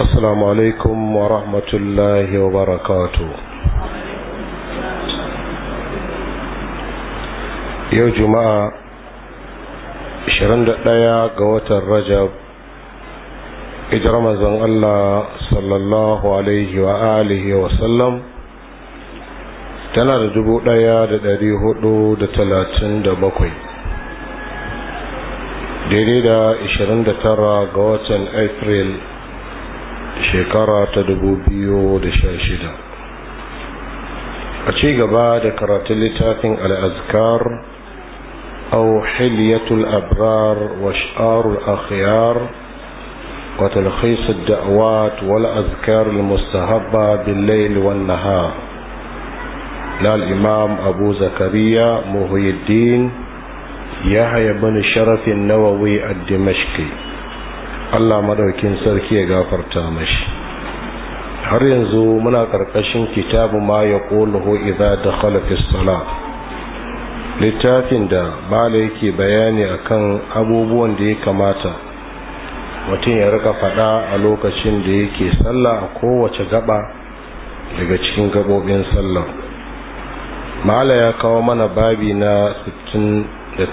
السلام عليكم ورحمة الله وبركاته يا جماعة شرند ليا قوة الرجب إجرم زن الله صلى الله عليه وآله وسلم tana da dubu ɗaya da ɗari hudu da talatin da bakwai daidai da 29 ga watan april shekara ta dubu biyu da sha shida a ci gaba da karatun littafin al'azkar au hiliyatul abrar wa sha'arul akhyar wa talkhisar da'awat wal azkar mustahabba bil wan nahar na al'imam abu zakariya muhyiddin yahya bin sharafin nawawi ad-dimashqi Allah madaukin sarki ya gafarta mashi har yanzu muna karkashin kitabu ma ya quluhu idza dakhala fi salat littafin da bala yake bayani akan abubuwan da ya kamata mutum ya rika faɗa a lokacin da yake sallah a kowace gaba daga cikin gabobin sallah mala ya kawo mana babi na 69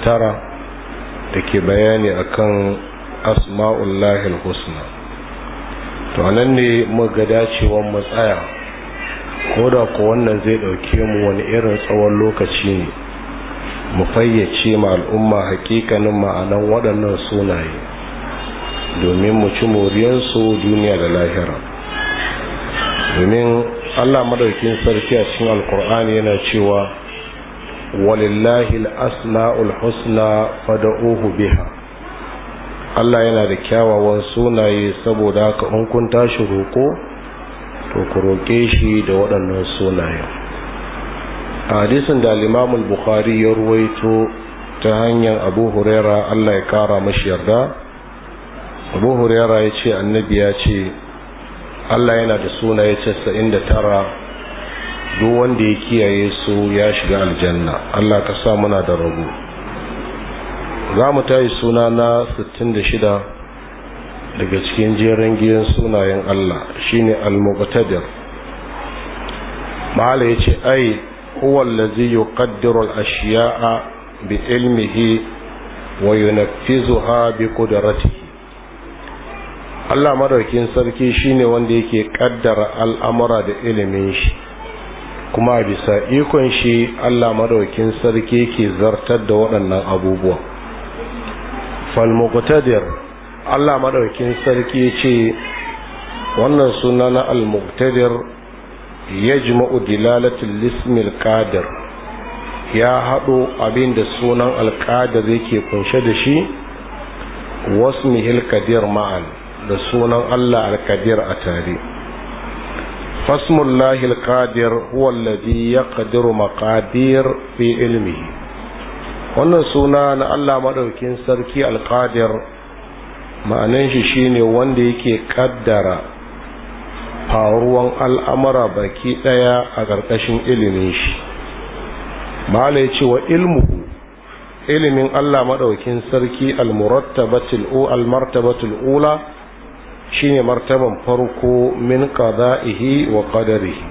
da ke bayani akan asma'ullahi husna to nan ne muga dacewan mu ko da ko wannan zai dauke mu wani irin tsawon lokaci ne mu fayyace ma al'umma hakikanin ma'anan waɗannan sunaye domin mu ci moriyarsu duniya da lahira domin allah madaukin sarki a cikin alkur'ani yana cewa walillahi asma'ul husna fada'uhu biha Allah yana da kyawawan sunaye saboda haka in kun tashi roƙo to ku roƙe shi da waɗannan sunayen hadisin da al bukhari ya ruwaito ta hanyar Abu Huraira Allah ya kara mashi yarda Abu Huraira ya ce annabi ya ce Allah yana da sunaye casa'in da tara duk wanda ya kiyaye su ya shiga aljanna Allah ka sa muna da rabo za mu tayi suna na 66 daga cikin jerin giyan sunayen Allah shine al-muqtadir ya yace ai huwa allazi yuqaddiru al a bi ilmihi wa yunaffizuha bi qudratihi Allah madaukin sarki shine wanda yake kaddara al'amura da ilimin shi kuma bisa ikon shi Allah madaukin sarki ke zartar da waɗannan abubuwa falmuktadir Allah maɗaukin sarki ce wannan suna na almuktadir muqtadir yajma'u dilalatul lismil kadir ya haɗo abin da sunan alƙadar yake kunshe da shi wasmihil kadir ma'an da sunan Allah alkadir a tare fasmullahi alkadir walladi ya kadiru maqadir fi ilmihi wannan suna na Allah maɗaukin sarki alƙadir ma'ananshi shi shine wanda yake kaddara faruwan al'amura baki ɗaya a ƙarƙashin ilimin shi ma'ala ya ce wa ilmu ilimin Allah maɗaukin sarki al al-martabatul ula shine martaban farko min qada'ihi wa qadarihi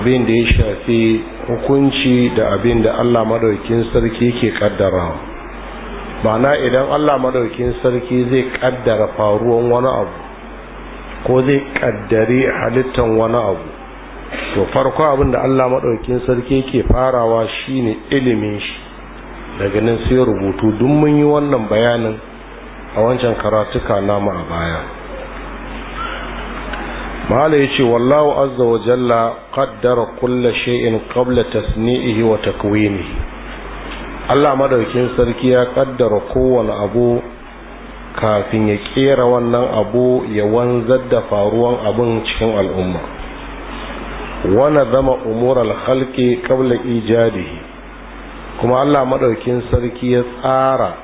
abin da ya shafi hukunci da abin da Allah madaukin sarki ke kaddarawa ma'ana idan Allah madaukin sarki zai kaddara faruwan wani abu ko zai kaddari halittan wani abu to farko abin da Allah madaukin sarki ke farawa shine ilimin shi daga nan sai rubutu duk mun yi wannan bayanin a wancan karatuka namu a baya mahala yace wallahu azza wa jalla qaddara kulla shay'in qabla tasni'ihi wa takwini Allah madaukin sarki ya kaddara kowane abu kafin ya kera wannan abu ya wanzar da faruwan abun cikin al'umma wana zama umur al-khalqi qabla ijadihi kuma Allah madaukin sarki ya tsara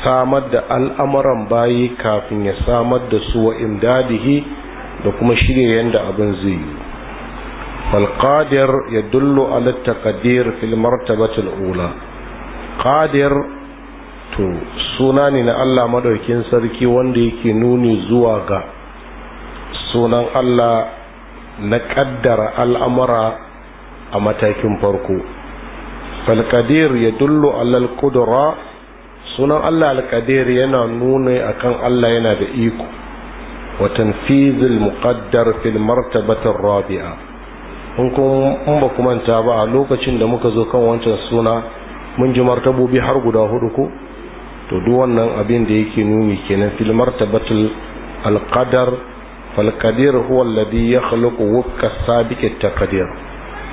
samar da al'amuran bayi kafin ya samar da su wa imdadihi da kuma shirya yadda abin zai yi falƙadir ya dullo alatta kadir filmar tabbatar ula ƙadir to suna ne na allah madaukin sarki wanda yake nuni zuwa ga sunan allah na ƙaddara al'amura a matakin farko falƙadir ya dullo alal sunan allah alƙadir yana nuni akan allah yana da iko Watan وتنفيذ المقدر في المرتبة Rabi'a in kun ba ku manta ba a lokacin da muka zo kan wancan suna munji ji martabobi har guda hudu ko to duk wannan abin da yake nuni kenan fil martabatul alqadar fal qadir huwa alladhi yakhluqu wufqa sabiq taqdir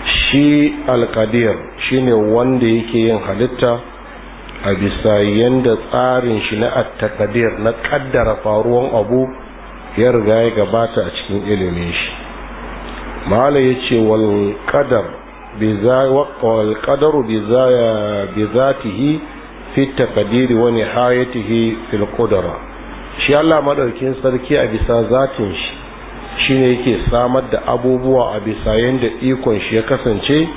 shi alqadir shine wanda yake yin halitta a bisa da tsarin shi na at-taqdir na kaddara faruwan abu ya riga ya gabata a cikin ilimin shi malam ya ce wal qadar wal qadaru bi zatihi fi wani wa nihayatihi fil qudra shi Allah madaukin sarki a bisa zatin shi shine yake samar da abubuwa a bisa yanda ikon shi ya kasance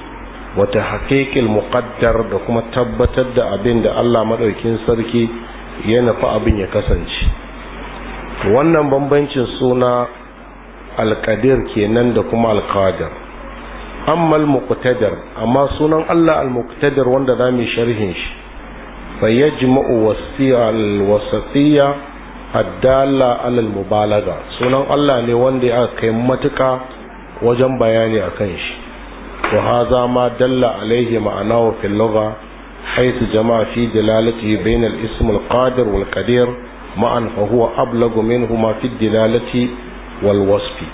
wata haƙiƙil muƙaddar da kuma tabbatar da abin da Allah maɗaukin sarki ya nafi abin ya kasance wannan bambancin suna alkadir kenan da kuma alkadir amma almuqtadar amma sunan Allah almuqtadar wanda za mu sharhin shi fa yajma'u wasiya alwasatiyya addalla ala almubalaga sunan Allah ne wanda ya kai matuka wajen bayani akan shi wa hadha ma dalla alaihi ma'anahu fil lugha حيث جمع في دلالته ismul الاسم القادر والقدير ma'an fa huwa ablagu minhu ma fi dilalati wal wasfi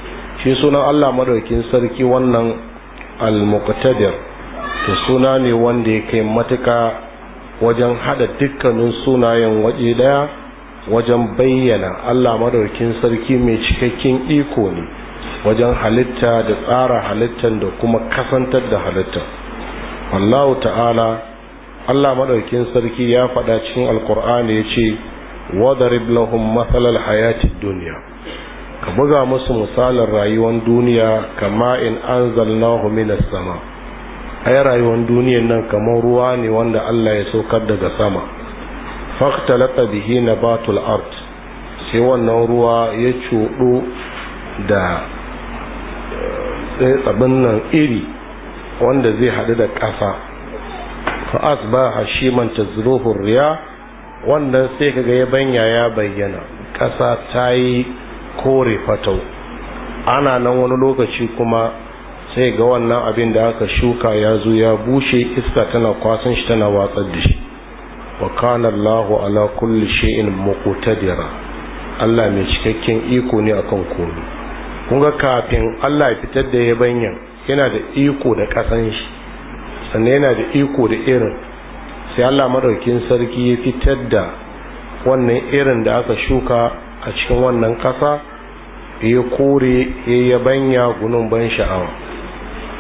shi sunan Allah madaukin sarki wannan al muqtadir to suna ne wanda ya kai matuka wajen hada dukkanin sunayen waje daya wajen bayyana Allah madaukin sarki mai cikakken iko ne wajen halitta da tsara halittan da kuma kasantar da halittan wallahu ta'ala Allah madaukin sarki ya faɗa cikin alkur'ani ya ce wadarib lahum matsalar hayatid duniya ka buga musu misalin rayuwar duniya kama in an zalnahu minas sama ai rayuwar duniyan nan kamar ruwa ne wanda Allah ya saukar daga sama faktalata bihi batul art sai wannan ruwa ya cuɗu da tsabin eh, nan iri wanda zai haɗu da ƙasa fa asbaha shiman tazruhu riya wannan sai kaga yabanya ya bayyana ƙasa ta yi kore fatau ana nan wani lokaci kuma sai ga wannan abin da aka shuka ya zo ya bushe iska tana kwasan shi tana watsar da shi wa kana Allahu ala kulli shay'in muqtadira Allah mai cikakken iko ne akan komai kun kafin Allah ya fitar da yabanyan yana da iko da kasan shi sannan yana da iko da irin sai Allah madaukin sarki ya fitar da wannan irin da aka shuka a cikin wannan kasa ya kore ya yabanya gunun ban sha'awa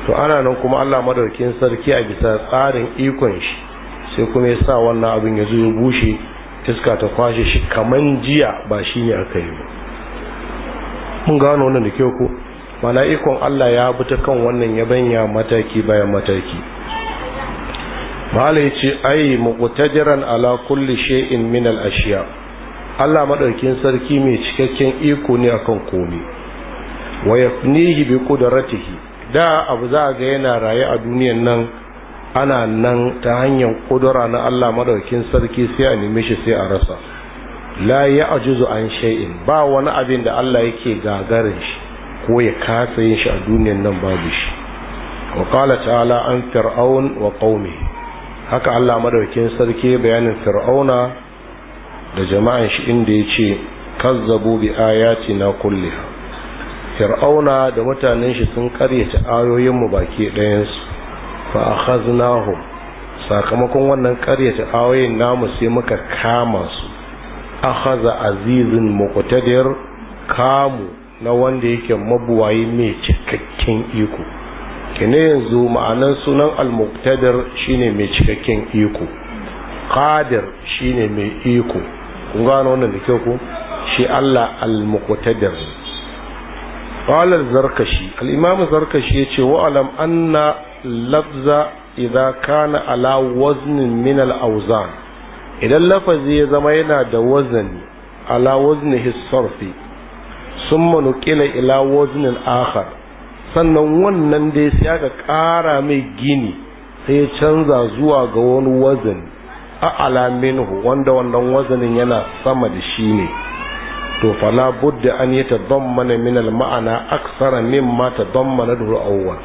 to ana nan kuma Allah madaukin sarki a bisa tsarin ikon shi sai kuma ya sa wannan abin ya zo bushe iska ta kwashe shi kaman jiya ba shi ne aka yi ba mun gano wannan da kyau ko ikon Allah ya bi ta kan wannan yabanya mataki bayan mataki mala ya ce ai muqtadiran ala kulli shay'in min al ashiya Allah madaukin sarki mai cikakken iko ne akan komai wa yafnihi bi qudratihi da abu za ga yana raye a duniyan nan ana nan ta hanyar kudura na Allah madaukin sarki sai a nemi shi sai a rasa la ya an shay'in ba wani abin da Allah yake gagarin shi ko ya kasa yin shi a duniyan nan babu shi wa qala ta'ala an fir'aun wa qaumihi haka Allah madaukin sarki bayanin fir'auna da jama'an shi inda ya ce kazzabu bi na kulliha fir'auna da mutanen shi sun karyata mu baki ɗayan su. fa akhaznahu sakamakon wannan karyata ayoyin namu sai muka kama su akhaza azizun muqtadir kamu na wanda yake mabuwayi mai cikakken iko kene yanzu ma'anan sunan al-muqtadir shine mai cikakken iko qadir shine mai iko kun gano wannan da kyau ko shi Allah al-muqtadir qala zarkashi al-imam zarkashi yace wa alam anna lafza idza kana ala waznin min al-awzan idan lafazi ya zama yana da wazani ala wazni hisarfi summa nuqila ila waznin akhar sannan wannan dai sai aka ƙara mai gini sai ya canza zuwa ga wani wazani a alamin wanda wannan wazanin yana sama da shi ne to fala budda an yi ta mana min ma'ana aksara mimma tadammana da awwal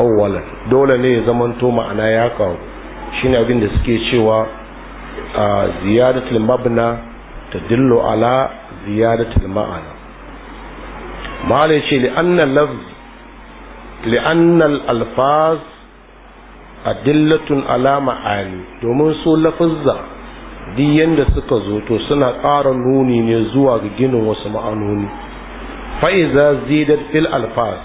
awwala dole ne ya zamanto ma'ana ya kawo shine abin da suke cewa a ziyadatul mabna dillo ala ziyadatul ma'ana ma'ana ce li annan lafz li'annal alfaz adillatun alama ali domin su lafazza duk yanda suka zo to suna ƙara nuni ne zuwa ga ginin wasu ma'anoni fa'iza zidat fil alfaz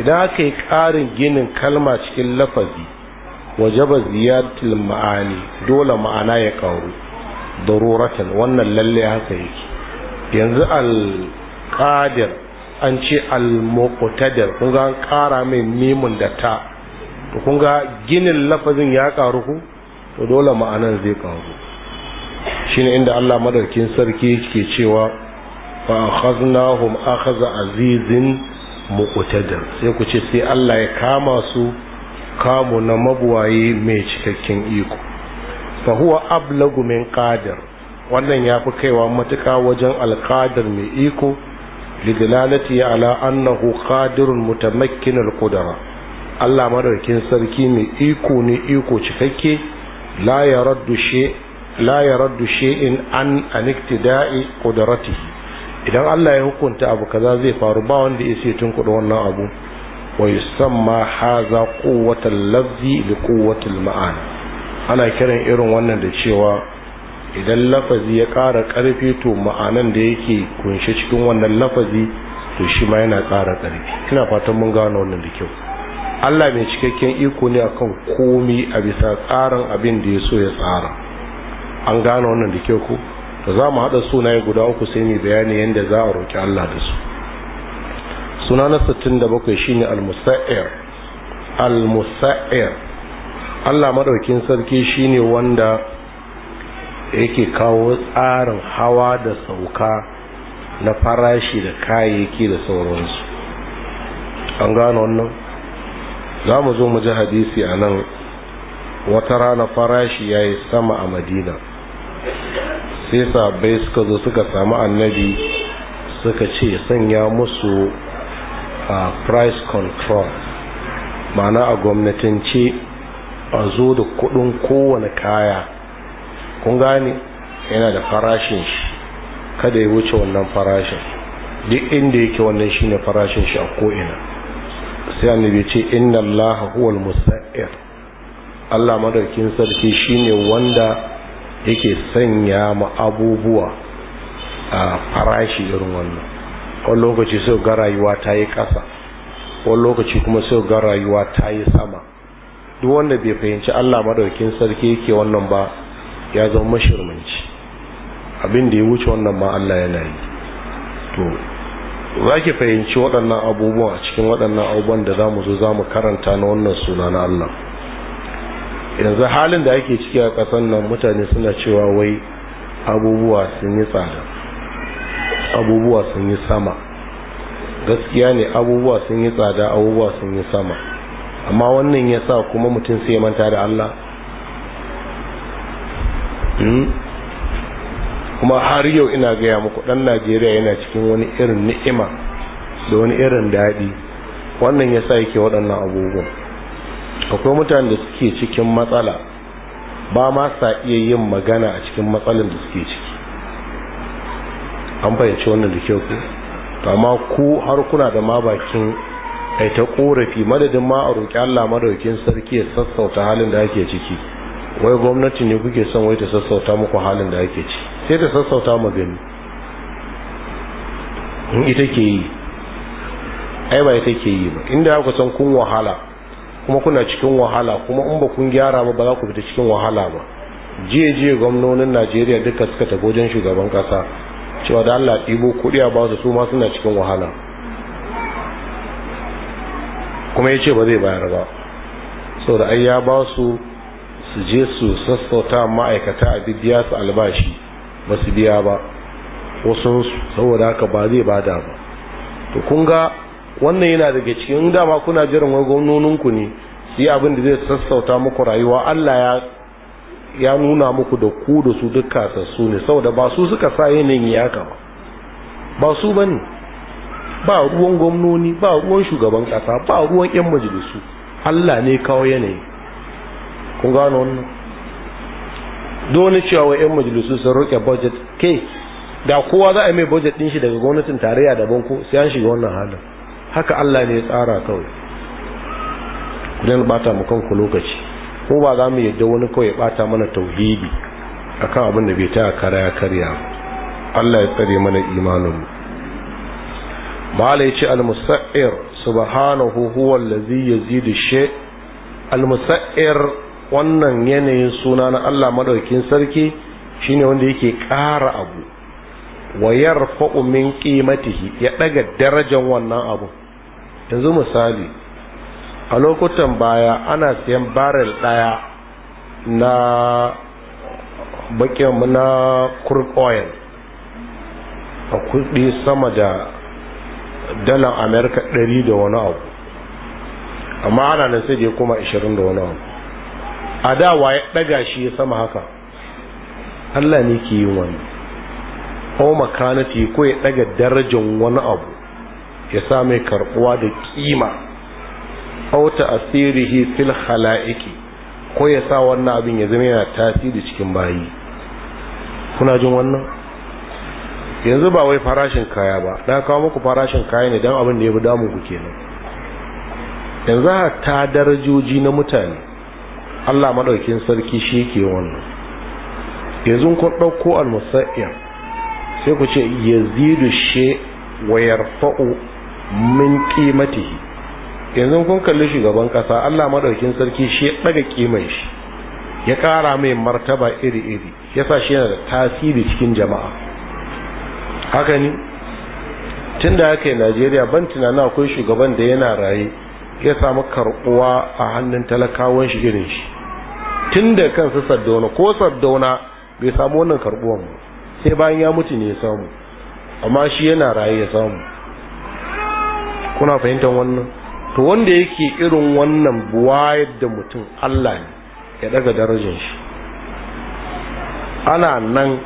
idan aka yi ƙarin ginin kalma cikin lafazi waje ba ziyaratul ma'ani dole ma'ana ya ƙaru daruratan wannan lalle haka yake yanzu alƙadar. an ce al-muqtadir kun ga an ƙara mai mimun da ta to kun ga ginin lafazin ya ƙaru ku to dole ma'anan zai karu shine inda Allah maɗaukin sarki yake cewa fa akhadnahum akhadha azizin muqtadir sai ku ce sai Allah ya kama su kamu na mabuwaye mai cikakken iko fa huwa ablagu min qadir wannan ya fi kaiwa matuka wajen alƙadar mai iko lidalalati ala annahu qadirun mutamakkin alqudara Allah madaukin sarki mai iko ne iko cikakke la yaraddu shay la yaraddu shay'in an aniktida'i qudratihi idan Allah ya hukunta abu kaza zai faru ba wanda ya tun kuɗi wannan abu wa yusamma haza quwwatal lafzi li quwwatil ma'ana ana kiran irin wannan da cewa idan lafazi ya ƙara ƙarfi to ma'anan da yake kunshe cikin wannan lafazi to shi ma yana ƙara ƙarfi ina fatan mun gano wannan da kyau Allah mai cikakken iko ne akan komi a bisa tsarin abin da ya so ya tsara an gano wannan da kyau ko to za mu haɗa ya guda uku sai mu bayani yadda za a roƙi Allah da su suna na 67 shine al-musa'ir al-musa'ir Allah madaukin sarki shine wanda da yake kawo tsarin hawa da sauka na farashi da kayayyaki da sauransu an gano wannan za mu zo mu ji hadisi a nan wata rana farashi ya yi sama a madina sai sabai suka zo suka samu annabi suka ce sanya musu a price control mana a gwamnatance a zo da kudin kowane kaya kun gane yana da farashin shi kada ya wuce wannan farashin duk inda yake wannan shine farashin shi a ko'ina sai annabi ce inna Allah huwal musa'ir Allah madarkin sarki shine wanda yake sanya ma abubuwa a farashi irin wannan wani lokaci sai ga rayuwa ta yi ƙasa wani lokaci kuma sai ga rayuwa ta yi sama duk wanda bai fahimci Allah madarkin sarki yake wannan ba ya zama mashirmanci abinda ya wuce wannan ma Allah yana yi to za ki fahimci waɗannan abubuwa cikin waɗannan abubuwan da za mu zo za mu karanta na wannan suna na Allah yanzu halin da ake ciki a ƙasar nan mutane suna cewa wai abubuwa sun yi tsada abubuwa sun yi sama gaskiya ne abubuwa sun yi tsada abubuwa sun yi sama amma wannan ya sa kuma mutum sai manta da Allah Hmm? kuma har yau ina gaya muku dan najeriya yana cikin wani irin ni'ima da wani irin daɗi wannan ya sa yake waɗannan abubuwan akwai mutane da suke cikin matsala ba ma sa iya yin magana a cikin matsalin da suke ciki an fahimci wannan da kyau ku amma ku har kuna da ma bakin ƙorafi korafi madadin ma a roƙi Allah madaukin sarki ya sassauta halin da ake ciki wai gwamnati ne kuke son wai ta sassauta muku halin da ake ci sai ta sassauta mu gani in ita ke yi ai ba ita ke yi ba inda aka san kun wahala kuma kuna cikin wahala kuma in ba kun gyara ba ba za ku fita cikin wahala ba jiye jiye gwamnonin najeriya duka suka tafi wajen shugaban kasa cewa da allah ɗibo kuɗi a basu su ma suna cikin wahala kuma ya ce ba zai bayar ba saboda ai ya ba su su je su sassauta ma'aikata a biya su albashi ba su biya ba wasu saboda haka ba zai bada ba to kun ga wannan yana daga cikin dama kuna jiran wai gwamnoninku ne su yi abin da zai sassauta muku rayuwa allah ya nuna muku da ku da su duka sassu ne saboda ba su suka sa yanayin ya ba ba su ba ne ba ruwan gwamnoni ba ruwan shugaban kasa ba ruwan yan majalisu allah ne kawo yanayi kun gano wannan dole cewa wa 'yan majalisu sun roƙe budget ke da kowa za a mai budget ɗin shi daga gwamnatin tarayya da banko sai an shiga wannan halin haka Allah ne ya tsara kawai ku dan bata mu kanku lokaci ko ba za mu yadda wani kawai bata mana tauhidi akan abin da bai ta karaya karya Allah ya tsare mana imanin mu mala al-musa'ir subhanahu huwa allazi yazidu shay al-musa'ir wannan yanayin suna na Allah madaukin sarki shine wanda yake ƙara abu wa yarfa'u min qimatihi ya daga darajar wannan abu yanzu misali a lokutan baya ana siyan barrel daya na bakin na crude oil a kudi sama da dalar america 100 da wani abu amma ana nan sai da kuma 20 da wani abu a dawa ya ɗaga shi ya sama haka Allah ne ke yin wani o makanati ko ya ɗaga darajar wani abu ya sa mai karɓuwa da kima au asirihi fil khalaiki ko ya sa wannan abin ya zama yana tasiri cikin bayi kuna jin wannan yanzu ba wai farashin kaya ba na kawo muku farashin kaya ne don abin da ya fi damun ku kenan yanzu ta darajoji na mutane Allah maɗaukin sarki shi yake wannan yanzu ku dauko al sai ku ce yazidu shi wa yarfa'u min qimatihi yanzu kun kalli shugaban ƙasa Allah maɗaukin sarki shi ya daga kiman shi ya ƙara mai martaba iri-iri yasa shi yana da tasiri cikin jama'a haka ne tun da yi najeriya ban tunanin akwai shugaban da yana raye ya samu karɓuwa a hannun talakawan shi irin shi tun da kansu saddona ko saddona bai samu wannan karbuwan mu sai bayan ya mutu ne ya samu amma shi yana raye ya samu kuna fahimtar wannan to wanda yake irin wannan buwayar da mutum Allah ne ya daga darajar shi ana nan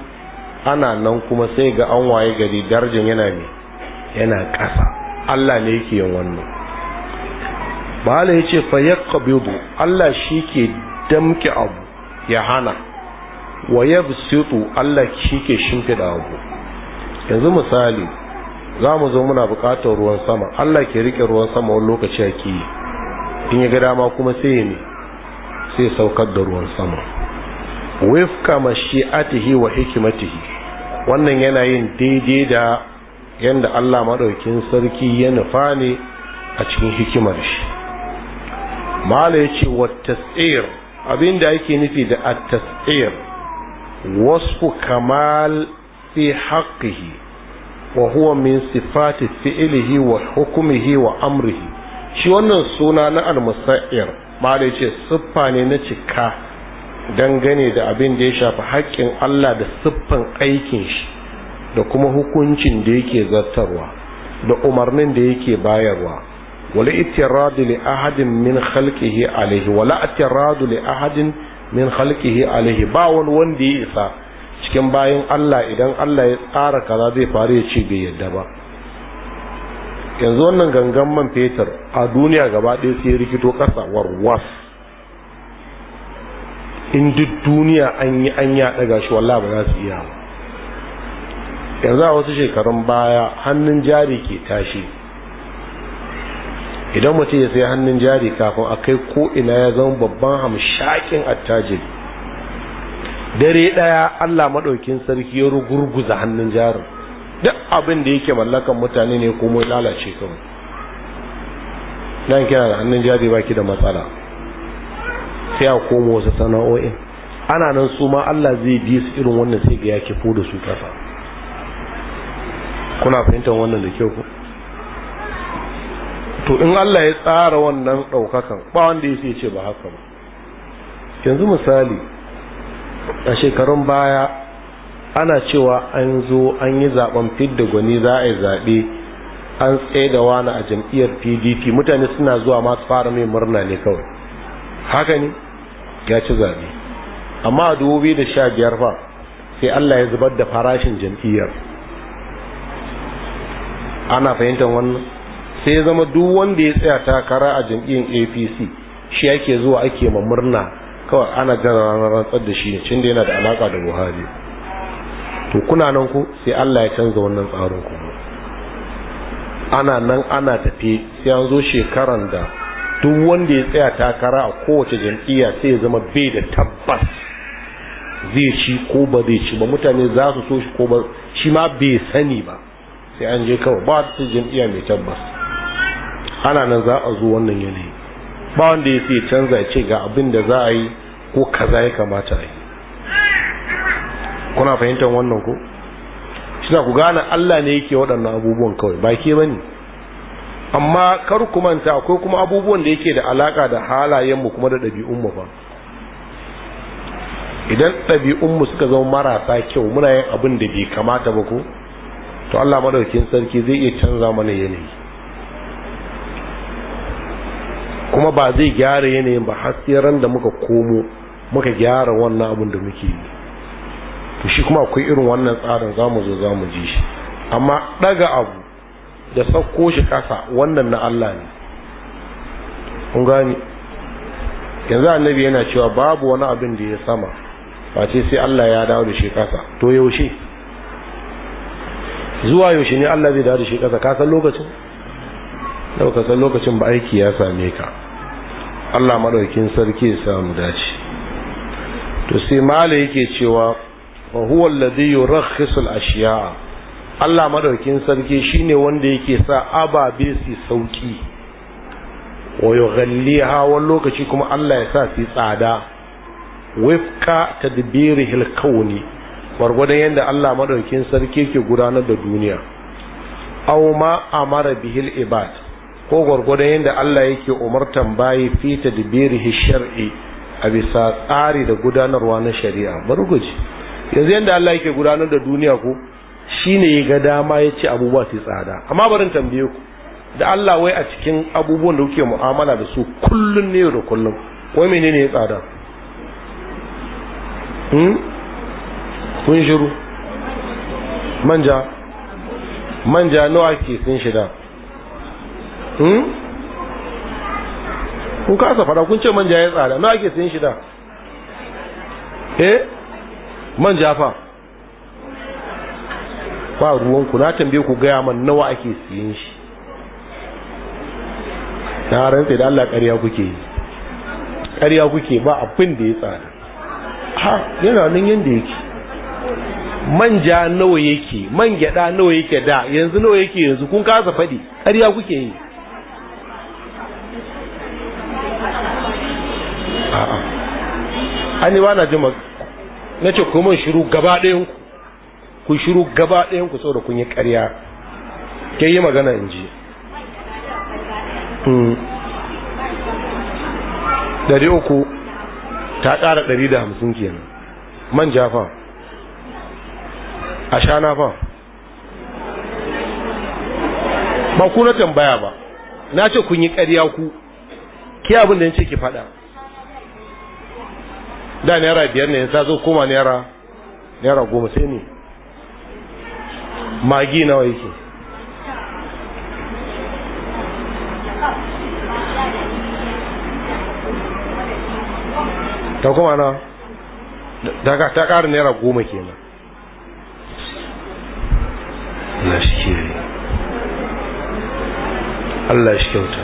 ana nan kuma sai ga an waye gari darajar yana ne yana ƙasa Allah ne yake yin wannan bala ya ce fayyar Allah shi ke damke abu ya hana wa ya Allah shi ke shimfiɗa abu yanzu misali za mu zo muna bukatar ruwan sama Allah ke rike ruwan sama wani lokaci a ke in ya ga dama kuma sai ne sai saukar da ruwan sama wifka mashi'atihi wa hikimatihi wannan yana yin daidai da yanda Allah maɗaukin sarki ya nufa ne a cikin hikimar shi mala ya ce wata abin da ake nufi da at-tas'ir wasfu kamal fi haqqihi wa huwa min sifati fi'lihi wa hukmihi wa amrihi shi wannan suna na al-musa'ir ba da ce siffa ne na cika dangane da abin da ya shafi haƙƙin Allah da siffan aikin shi da kuma hukuncin da yake zartarwa da umarnin da yake bayarwa wala itiradu li ahadin min khalqihi alaihi wala itiradu li ahadin min khalqihi alaihi ba wani wanda ya isa cikin bayan Allah idan Allah ya tsara kaza zai faru ya ce bai yadda ba yanzu wannan gangan man fetur a duniya gaba ɗaya sai rikito ƙasa warwas in duk duniya an yi an ya ɗaga shi walla ba za su iya ba yanzu a wasu shekarun baya hannun jari ke tashi idan mutum ya sai hannun jari kafin a kai ko ina ya zama babban hamshakin attajiri dare daya allah maɗaukin sarki ya rugurguza hannun jarin duk abin da yake mallakan mutane ne ko lalace kawai nan kira da hannun jari baki da matsala sai a komo wasu sana'o'in ana nan su ma allah zai bi su irin wannan sai ga ya kifo da su kasa kuna fahimtar wannan da kyau ku to in Allah ya tsara wannan ɗaukakan ba wanda ya ce ba haka ba yanzu misali a shekarun baya ana cewa an zo an yi zaben fidda gwani za a yi zaɓe an tsaye da wani a jam'iyyar pdp mutane suna zuwa masu fara mai murna ne kawai haka ne ya ci zaɓe amma a dubu da sha biyar fa sai allah ya zubar da farashin jam'iyyar ana fahimtar wannan sai ya zama duk wanda ya tsaya takara a jam'iyyar apc shi ake zuwa ake ma murna kawai ana ranar rantsar da shi ne cin da yana da alaka da buhari to kuna nan ku sai allah ya canza wannan tsarin ku ana nan ana tafi sai an zo shekaran da duk wanda ya tsaya takara a kowace jam'iyya sai ya zama bai da tabbas zai ci ko ba zai ci ba mutane za su so shi ko ba shi ma bai sani ba sai an je kawai ba ta jam'iyya mai tabbas ana nan za a zo wannan yanayi ba wanda ya sai canza ce ga abin da za a yi ko kaza ya kamata a yi kuna fahimtar wannan ko shi ku gane Allah ne yake waɗannan abubuwan kawai ba ke bane amma kar ku manta akwai kuma abubuwan da yake da alaka da halayenmu kuma da ɗabi'un mu idan ɗabi'un mu suka zama marasa kyau muna yin abin da bai kamata ba ko to Allah maɗaukin sarki zai iya canza mana yanayi kuma ba zai gyara yanayin ba har sai ran da muka komo muka gyara wannan abin da muke yi to shi kuma akwai irin wannan tsarin zamu zo zamu ji shi amma daga abu da sauko shi kasa wannan na Allah ne kun gani yanzu annabi yana cewa babu wani abin da ya sama ce sai Allah ya dawo da shi kasa to yaushe zuwa yaushe ne Allah zai dawo da shi kasa ka san lokacin ka san lokacin ba aiki ya same ka Allah madaukin sarki ya samu dace to sai malai yake cewa wa huwa alladhi yurakhisu al Allah madaukin sarki shine wanda yake sa ababe su sauki wa yughalliha wani lokaci kuma Allah ya sa su tsada wifka tadbirihi alkauni kawni yadda Allah madaukin sarki ke gudanar da duniya aw ma amara bihil ibad ko gwargwadon yadda Allah yake umartan bayi fi tadbirihi shar'i a bisa tsari da gudanarwa na shari'a bari guji yanzu yadda Allah yake gudanar da duniya ko shine ya ga dama ya ce abubuwa su tsada amma barin tambaye ku da Allah wai a cikin abubuwan da kuke mu'amala da su kullun ne da kullum wai menene ya tsada hmm? kun shiru manja manja nawa ke sun shida Hmm? kun kasa fara kun ce manja ya tsada na ake sayin shi da eh manja fa ba ruwanku na tambaye ku gaya man nawa ake siyan shi ran sai da Allah ƙarya kuke yi ƙarya kuke ba abin da ya tsada ha yana nan yanda yake manja nawa yake man gyada nawa yake da yanzu nawa yake yanzu kun kasa faɗi ƙarya kuke yi hannu ba na ji na ce kuma shiru gaba ɗayan ku ku shiru gaba ɗayan ku saboda kun yi ƙarya ke yi magana in ji dari hmm. uku ta ƙara ɗari da hamsin nan man fa a shana fa ba ku na tambaya ba na ce kun yi ƙarya ku ke abin da ya ce ki faɗa da naira biyar ne ta zo koma naira naira goma sai ne magi nawa yake ta kuma na daga ta ƙara naira goma kenan na Allah shi kyauta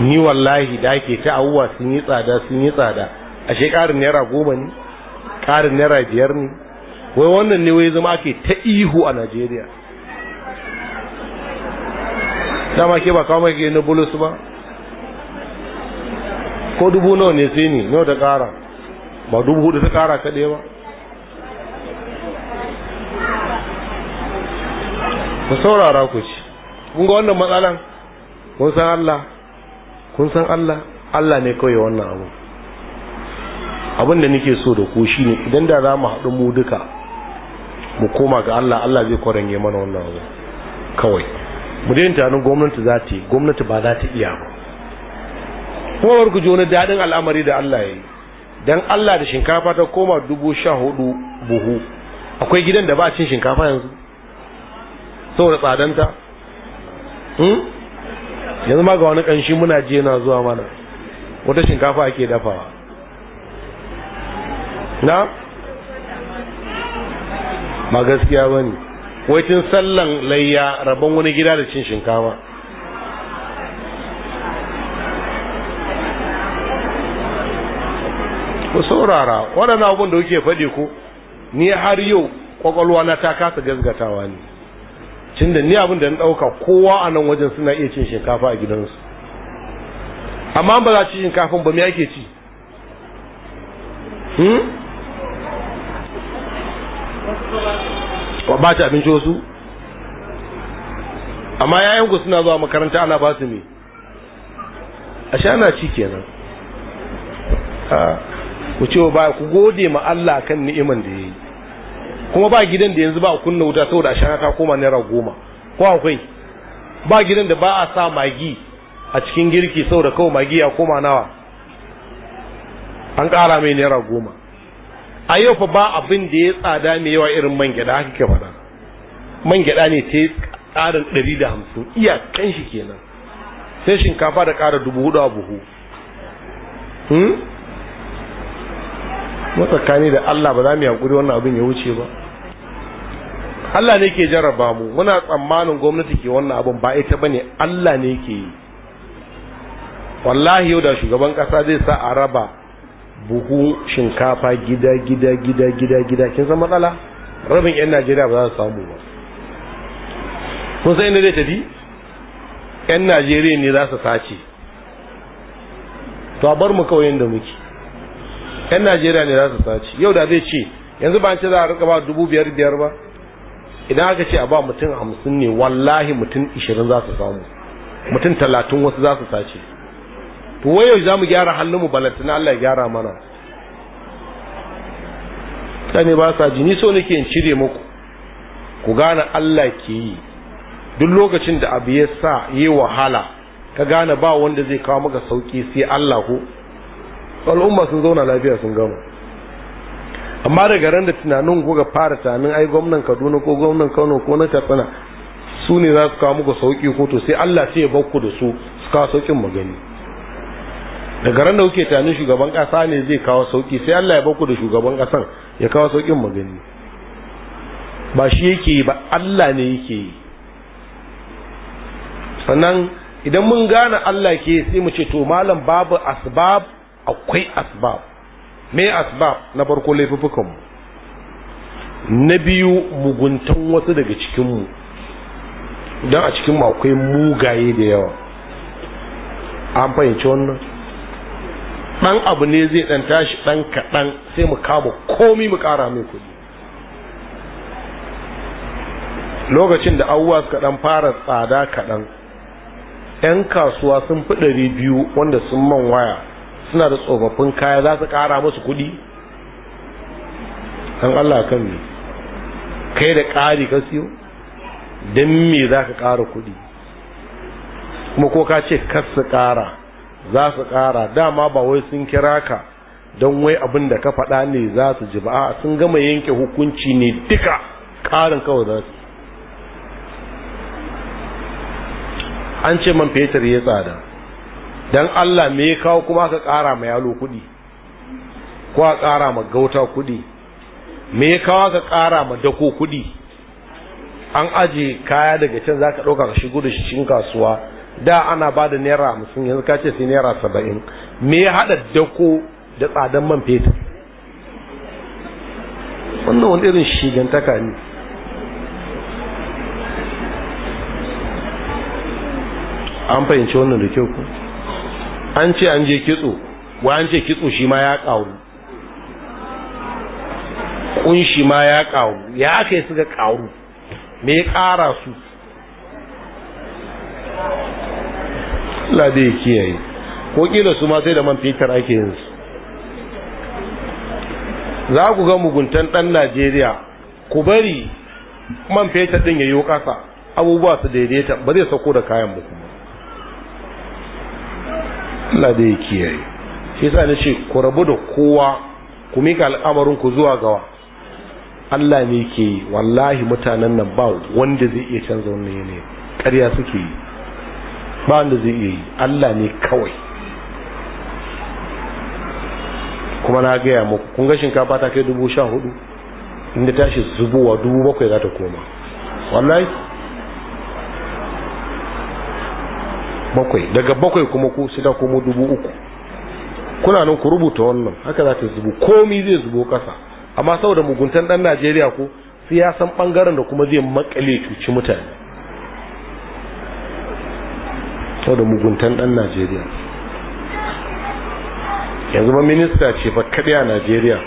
ni wallahi da ake ta sun yi tsada sun yi tsada ashe ƙarin naira goma ne ƙarin naira biyar ne wai wannan ne wai zama ake ta ihu a najeriya dama ke ba kawo mai na bulus ba ko dubu nawa ne sai ne nawa ta ƙara ba dubu hudu ta ƙara kaɗai ba ku saurara ku ci kun ga wannan matsalan kun san Allah kun san Allah Allah ne kawai wannan abu abin da nake so da ku shine idan da za mu haɗu mu duka mu koma ga Allah Allah zai kwaranye mana wannan abu kawai mu dai tunanin gwamnati za ta yi gwamnati ba za ta iya ba kuma bar ku ji wani daɗin al'amari da Allah ya yi dan Allah da shinkafa ta koma dubu sha hudu buhu akwai gidan da ba cin shinkafa yanzu saboda tsadanta hmm? yanzu ma ga wani ƙanshi muna je na zuwa mana wata shinkafa ake dafawa na ba gaskiya ba ne waitin sallan layya rabon wani gida da cin shinkawa ku saurara waɗannan abin da kuke faɗi ku ni har yau ƙwaƙwalwa na ta kasa gazgatawa ne cin da ni abin da na ɗauka kowa a nan wajen suna iya cin shinkafa a gidansu amma ba za ci shinkafin ba me ake ci hmm? wa ba ta abinci wasu amma yayan ku suna zuwa makaranta ana ba su ne a sha na ci kenan ku ce ba ku gode ma Allah kan ni'iman da yayi kuma ba gidan da yanzu ba kunna wuta saboda shan ta koma naira goma ko akwai ba gidan da ba a sa magi a cikin girki saboda kawai magi ya koma nawa an ƙara mai naira goma a yau fa ba abin da ya tsada mai yawa irin man gyada haka ke faɗa man gyada ne ta ƙarin ɗari da hamsin iya kan shi kenan sai shinkafa da ƙara dubu hudu a buhu matsakani hmm? da Allah ba za mu yankuri wannan abin ya wuce ba Allah ne ke jarraba mu muna tsammanin gwamnati ke wannan abin ba ita bane Allah ne ke yi wallahi yau da shugaban kasa zai sa a raba buhu shinkafa gida gida gida gida gida kin san matsala rabin yan najeriya ba za su samu ba kun san inda zai tafi yan najeriya ne za su sace to a bar mu kawai inda muke yan najeriya ne za su sace yau da zai ce yanzu ba an ce za a rika ba dubu biyar biyar ba idan aka ce a ba mutum hamsin ne wallahi mutum ishirin za su samu mutum talatin wasu za su sace to wayo za mu gyara hannunmu balatina Allah ya gyara mana tani ba sa ji so nake in cire muku ku gane Allah ke yi duk lokacin da abu ya sa yi wahala ka gane ba wanda zai kawo maka sauki sai Allah ko al'umma sun zauna lafiya sun gama amma daga ran da tunanin ku ga fara tunanin ai gwamnan Kaduna ko gwamnan Kano ko na Katsina su ne za su kawo muku sauki ko to sai Allah sai ya bakku da su su kawo saukin magani daga ran da kuke tunanin shugaban kasa ne zai kawo sauki sai Allah ya baku da shugaban kasan ya kawo saukin magani ba shi yake ba Allah ne yake yi sannan idan mun gane Allah ke sai mu ce to malam babu asbab akwai asbab me asbab na farko laifukan mu na biyu muguntan wasu daga cikin mu dan a cikin mu akwai mugaye da yawa an fahimci wannan dan abu ne zai dan tashi dan kaɗan sai mu kama komi mu ƙara mai kuɗi lokacin da abubuwa suka dan fara tsada kaɗan 'yan kasuwa sun fi ɗari biyu wanda sun man waya suna da tsofaffin kaya za su ƙara musu kuɗi dan Allah kan ne kai da ƙari ka siyo don me za ka ƙara kuɗi kuma ko ka ce kar su ƙara za su ƙara dama ba wai sun kira ka don wai abin da ka faɗa ne za su ji ba sun gama yanke hukunci ne duka ƙarin kawai za su an ce man fetur ya tsada don allah me ya kawo kuma aka ƙara ma yalo kuɗi ko a ƙara ma gauta kuɗi me ya kawo aka ƙara ma dako kuɗi an aje kaya daga can za ka ɗauka ka shigo da shi cikin kasuwa da ana ba da naira hamsin yanzu ka ce sai naira saba'in me ya haɗa dako da tsadan man fetur wannan wani irin shigantaka ne an fahimci wannan da kyau ku an ce an je kitso wa an ce kitso shi ma ya ƙaru kunshi ma ya ƙaru ya aka yi suka ƙaru me ya ƙara su Allah da ya kiyaye ko kila su ma sai da man fetur ake yin su za ku ga muguntan dan Najeriya ku bari man fetur din yi kasa abubuwa su daidaita ba zai sako da kayan ba kuma Allah da ya kiyaye shi yasa na ce ku rabu da kowa ku mika al'amarin ku zuwa gawa Allah ne ke wallahi mutanen nan ba wanda zai iya canza wannan yanayi ƙarya suke yi ba wanda zai iya yi Allah ne kawai kuma na gaya muku kun ga shinkafa ta kai dubu sha hudu inda tashi zubowa dubu bakwai za ta koma wallahi bakwai daga bakwai kuma ku sai ta komo dubu uku kuna nan ku rubuta wannan haka za ta zubo komi zai zubo kasa amma saboda muguntan dan Najeriya ko siyasan bangaren da kuma zai makale cuci mutane sau da muguntan ɗan najeriya yanzu ba minista ce ba kaɗai a najeriya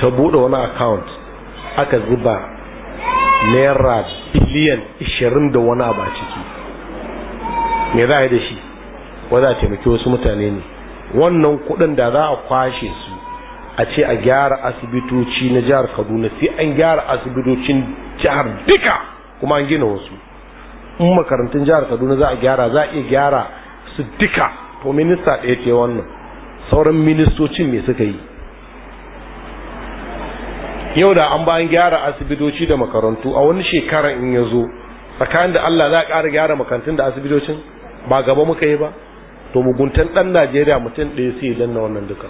ta buɗe wani account aka zuba naira biliyan 20 da wani abu a ciki me za a yi da shi wa za a taimaki wasu mutane ne wannan kuɗin da za a kwashe su a ce a gyara asibitoci na jihar kaduna sai an gyara asibitocin jihar duka kuma an gina wasu in makarantun jihar kaduna za a gyara za a iya gyara su duka to minista ɗaya ce wannan sauran ministocin me suka yi yau da an bayan gyara asibitoci da makarantu a wani shekara in ya zo tsakanin da allah za a ƙara gyara makarantun da asibitocin ba gaba muka yi ba to muguntan ɗan najeriya mutum ɗaya sai ya danna wannan duka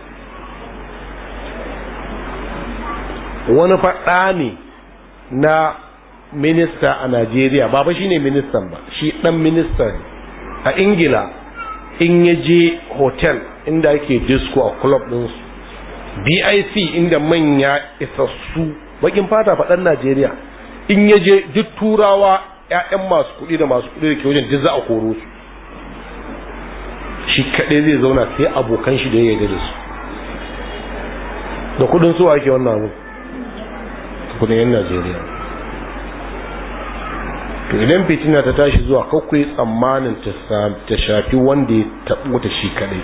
wani faɗa ne na minista a Najeriya ba ba shine ministan ba shi dan ministan. a Ingila in ya je hotel inda ake disco a club din BIC inda manya isassu bakin fata faɗan Najeriya in ya je duk turawa 'ya'yan masu kuɗi da masu kuɗi da ke wajen duk za a koro su shi kaɗai zai zauna sai abokan shi da ya yarda da da kuɗin su ake wannan abu kuɗin yan Najeriya to idan fitina ta tashi zuwa kakwai tsammanin ta shafi wanda ya taɓo ta shi kaɗai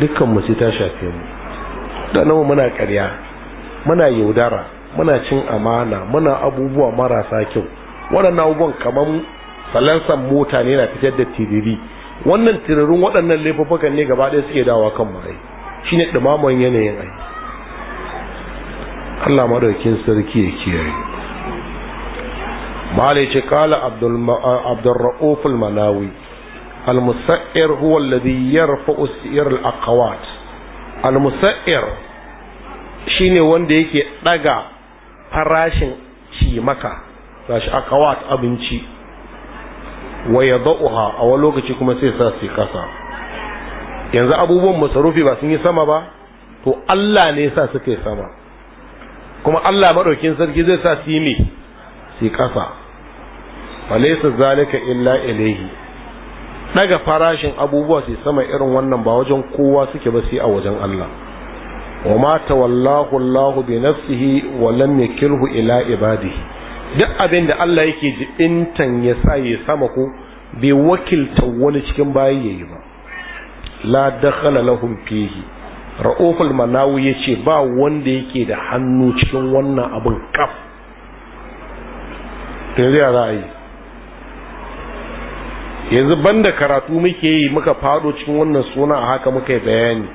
dukkan mu sai ta shafi mu da nawa muna karya muna yaudara muna cin amana muna abubuwa marasa kyau waɗannan abubuwan kamar salansan mota ne na fitar da tiriri wannan tiririn waɗannan laifukan ne gaba ɗaya suke dawa kan mu ai shine dumaman yanayin ai Allah madaukin sarki ya kiyaye malai ce kala abdurra'uf al-manawi al-musa'ir huwa alladhi al-aqwat al-musa'ir shine wanda yake daga farashin cimaka gashi akawat abinci wa yadauha a wani lokaci kuma sai sa su kasa yanzu abubuwan masarufi ba sun yi sama ba to Allah ne sa suka sama kuma Allah madaukin sarki zai sa su yi me su kasa falaisa zalika illa ilaihi daga farashin abubuwa su sama irin wannan ba wajen kowa suke ba sai a wajen Allah wa ma tawallahu Allah bi nafsihi wa lam yakilhu ila ibadihi duk abin da Allah yake jibintan ya sa ya sama ko bai wakilta wani cikin bayi yayi ba la dakhala lahum fihi ra'uful manawi yace ba wanda yake da hannu cikin wannan abin kaf ta yanzu ya yi yanzu banda karatu muke yi muka fado cikin wannan suna a haka muka yi bayani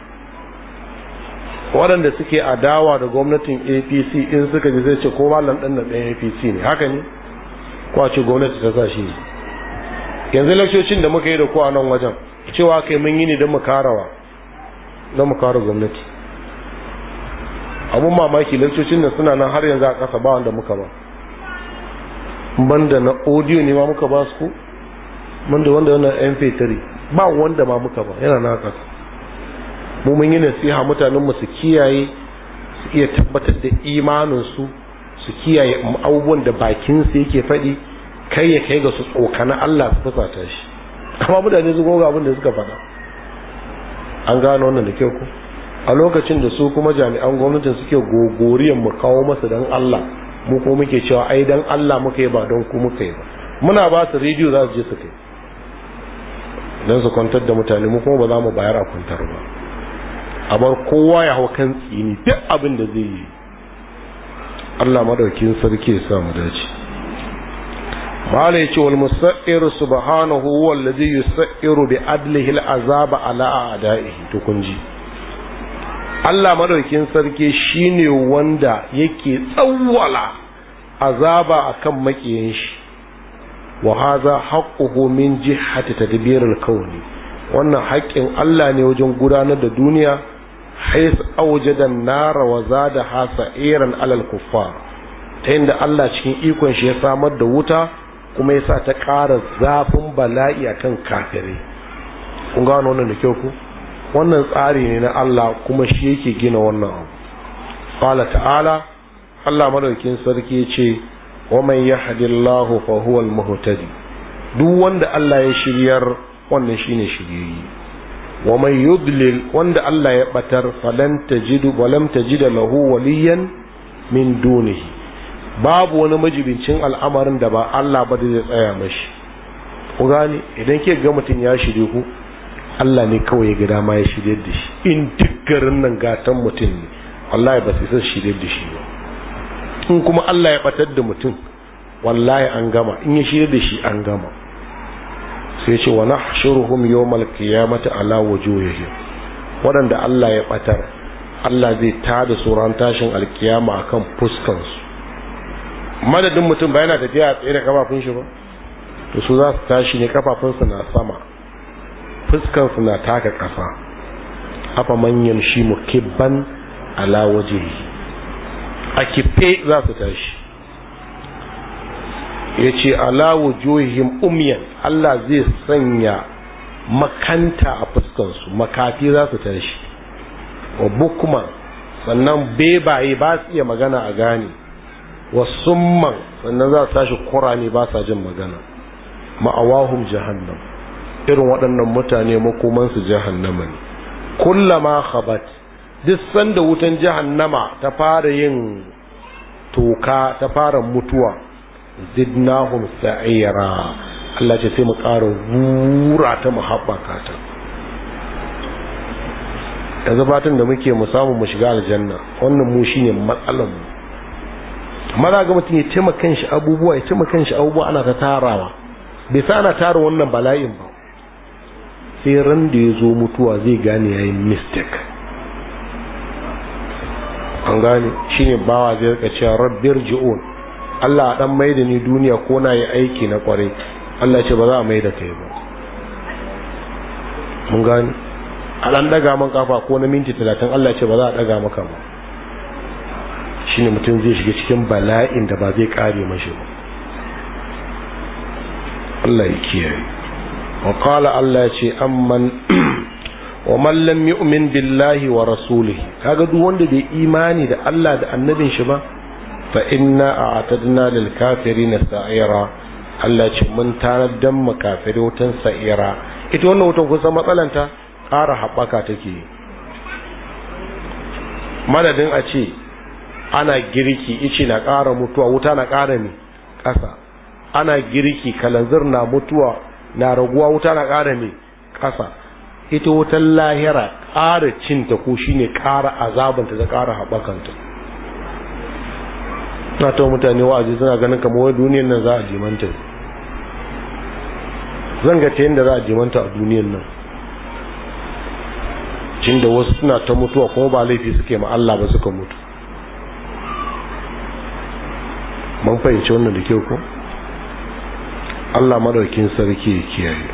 waɗanda suke adawa da gwamnatin apc in suka ji zai ce ko malam ɗan ɗan apc ne haka ne ko a ce gwamnati ta sa shi yanzu lakcocin da muka yi da ku nan wajen cewa kai mun yi ne don mu karawa don mu kara gwamnati abun mamaki lakcocin da suna nan har yanzu a ƙasa ba wanda muka ba banda na audio ne ma muka ba su banda wanda yana mp3 ba wanda ma muka ba yana na mu mun yi nasiha mutanen su kiyaye su iya tabbatar da imanin su su kiyaye abubuwan da bakin su yake faɗi kai ya kai ga su tsokana Allah su fusata shi amma mutane su goga abin da suka faɗa an gano wannan da kyau ko a lokacin da su kuma jami'an gwamnatin suke gogoriyan mu kawo masa dan Allah mu ko muke cewa ai dan Allah muka yi ba don ku muka yi ba muna ba su rediyo za su je su kai don su kwantar da mutane mu kuma ba za mu bayar a kwantar ba a bar kowa ya hau kan tsini duk abin da zai yi Allah madaukin sarki ya sa mu dace mala yace wal musa'ir subhanahu wal ladhi yusairu bi adlihi al azaba ala a'daihi to kun ji Allah madaukin sarki shine wanda yake tsawwala azaba akan makiyin shi wa hadha haqquhu min jihati tadbir al-kawn wannan haƙƙin Allah ne wajen gudanar da duniya hais awjada an-nar wa zada hasairan alal kuffar ta inda Allah cikin ikon shi ya samar da wuta kuma ya sa ta ƙara zafin bala'i akan kafirai kun gano wannan da kyau ku wannan tsari ne na Allah kuma shi yake gina wannan abu qala ta'ala Allah madaukin sarki ce wa man yahdillahu fa huwa al duk wanda Allah ya shiryar wannan shine shiriyi wa man yudlil wanda Allah ya batar falan tajidu wa lam tajida lahu waliyan min dunihi babu wani majibincin al'amarin da ba Allah ba zai tsaya mashi ku gane idan ke ga mutum ya shirye ku Allah ne kawai ya ga dama ya shirye da shi in duk garin nan gatan mutum ne wallahi ba sai san shirye da shi ba in kuma Allah ya batar da mutum wallahi an gama in ya shirye da shi an gama sai ce wa nahshuruhum yawmal qiyamati ala wujuhihim wadanda Allah ya batar Allah zai tada suran tashin alkiyama akan fuskan su madadin mutum ba yana tafiya a tsaye da kafafun shi ba to su za su tashi ne su na sama fuskansu na taka ƙasa afa manyan shi mukibban ala waje a kife za su tashi ya ce ala yin umyan Allah zai sanya makanta a fuskansu makafi za su tashi wa bukuma sannan bebaye ba su iya magana a gane wa sannan za su tashi ne ba sa jin magana ma'awahum jahannam irin waɗannan mutane makomansu jahannama ne kullama khabat duk sanda wutan jahannama ta fara yin toka ta fara mutuwa zidnahum sa'ira Allah ce sai mu ƙara rura ta mu haɓaka ta yanzu fatan da muke mu samu mu shiga aljanna wannan mu shine matsalar mu maza ga mutum ya taimaka shi abubuwa ya taimaka shi abubuwa ana ta tarawa bai sa ana tara wannan bala'in ba sai ran da ya zo mutuwa zai gane ya yi mistake an gane shi ne bawa zai rika cewa rabbiyar ji'on Allah a dan mai da ni duniya ko na yi aiki na kware Allah ce ba za a mai da kai ba mun gane a dan daga man kafa ko na minti 30 Allah ce ba za a daga maka ba ne mutum zai shiga cikin bala'in da ba zai kare mashi ba Allah ya kiyaye wa qala Allah ce amman wa man billahi wa rasulihi kaga duk wanda bai imani da Allah da annabin shi ba fa inna a'tadna lil kafirin sa'ira Allah ce mun tarar dan makafiri wutan sa'ira ita wannan wutan kusa matsalanta ƙara haɓaka take madadin a ce ana girki ice na ƙara mutuwa wuta na ƙara ne ƙasa ana girki kalanzir na mutuwa na raguwa wuta na ƙara mai ƙasa ita wutar lahira ƙara cinta ko shine ƙara azabanta da ƙara haɓakanta na ta mutane wa'azi suna ganin kamar wani duniyar nan za a jimanta zan ga ta da za a jimanta a duniyan nan cin da wasu suna ta mutuwa kuma ba laifi suke ma Allah ba suka mutu mun fahimci wannan da kyau ko Allah madaukin sarki ya kiyaye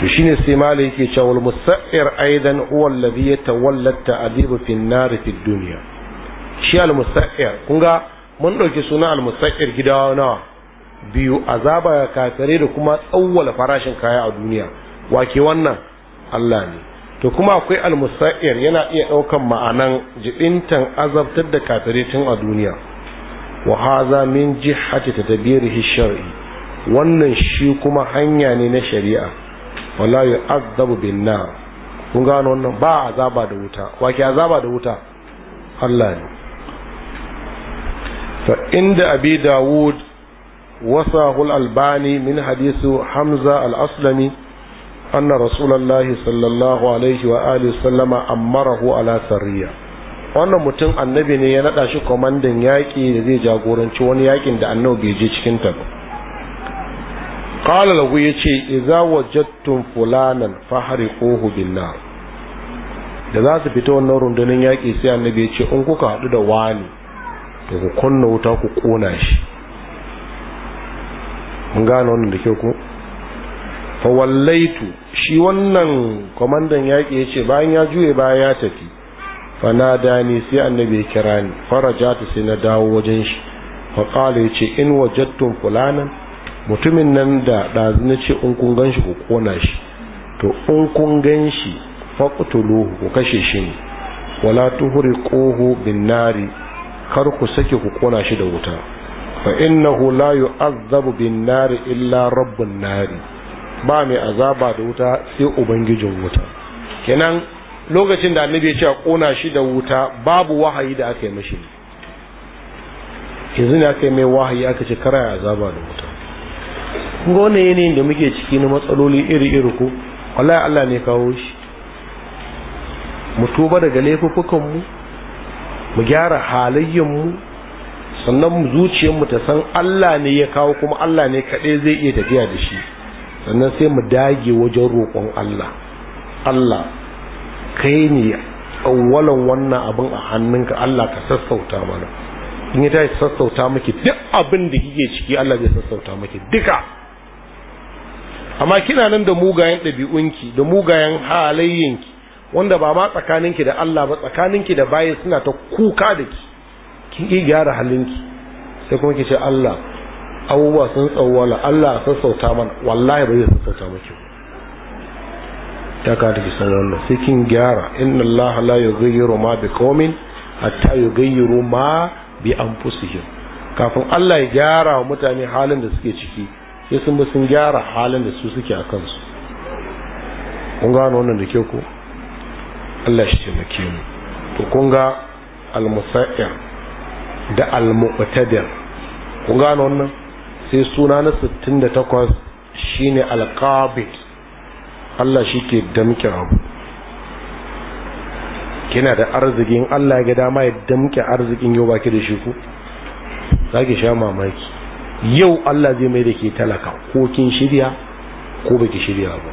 to shine sai mala yake cewa wal musaffir aidan huwa alladhi yatawalla ta'dibu fi an-nar fi dunya shi al musaffir kun mun dauki suna al musaffir gida nawa biyu azaba kafire da kuma tsawwala farashin kaya a duniya wake wannan Allah ne to kuma akwai al musaffir yana iya daukan ma'anan jibintan azabtar da kafire tun a duniya wa haza min jihati tadbirihi shar'i wannan shi kuma hanya ne na shari'a wala yu'adhabu bin nar kun gano wannan ba azaba da wuta Wa ke azaba da wuta Allah ne fa inda abi dawud wasahu al-albani min hadisu hamza al-aslami anna rasulullahi sallallahu alaihi wa alihi sallama ammarahu ala sarriya wannan mutum annabi ne ya naɗa shi kwamandan yaƙi da zai jagoranci wani yaƙin da annabi bai je cikin ta ba qala lahu yace idza wajadtum fulanan fahriquhu billah da za su fita wannan rundunin yaƙi sai annabi ya ce in kuka haɗu da wani to ku kunna wuta ku kona shi mun gane wannan da kyau ko fa wallaitu shi wannan kwamandan yaƙi ya ce bayan ya juye baya ya tafi fanada ni sai annabi ya kira ni farajatu sai na dawo wajen shi fa qala yace in wajadtum fulanan mutumin nan da dazu na ce in kun ganshi ku kona shi to in kun ganshi faqtuluhu ku kashe shi ne wala tuhriquhu bin nari kar ku sake ku kona shi da wuta fa innahu la yu'azzabu bin nari illa rabbun nari ba mai azaba da wuta sai ubangijin wuta kenan lokacin da annabi ya ce a kona shi da wuta babu wahayi da aka yi mashi yanzu ne aka yi mai wahayi aka ce kara ya azaba da wuta ga wannan yanayin da muke ciki na matsaloli iri-iri ko wallahi Allah ne kawo shi mu tuba daga laifukan mu mu gyara halayyan mu sannan mu zuciyar mu ta san Allah ne ya kawo kuma Allah ne kaɗai zai iya tafiya da shi sannan sai mu dage wajen roƙon Allah Allah kai ne awwalan wannan abin a hannunka Allah ka sassauta mana in ya tashi sassauta miki duk abin da kike ciki Allah zai sassauta miki duka amma kina nan da mugayen ɗabi'unki da mugayen halayyanki wanda ba ma tsakaninki da Allah ba tsakaninki da baya suna ta kuka da ki kin ki gyara halinki sai kuma ki ce Allah abubuwa sun tsawwala Allah sassauta mana wallahi ba zai sassauta miki ba ta ka ki san wannan cikin gyara inna Allah la yughayyiru ma biqaumin hatta yughayyiru ma bi anfusihim kafin Allah ya gyara wa mutane halin da suke ciki sai sun sun gyara halin da su suke a kansu kun gano wannan da ke ku Allah shi ke mu to kun ga al-musa'ir da al-mu'tadir kun gano wannan sai suna na 68 shine al-qabid Allah shi ke damke abu kina da arzikin Allah ga dama ya damke arzikin yau baki da shi ku za ki sha mamaki yau Allah zai mai da ke talaka ko kin shirya ko baki shirya ba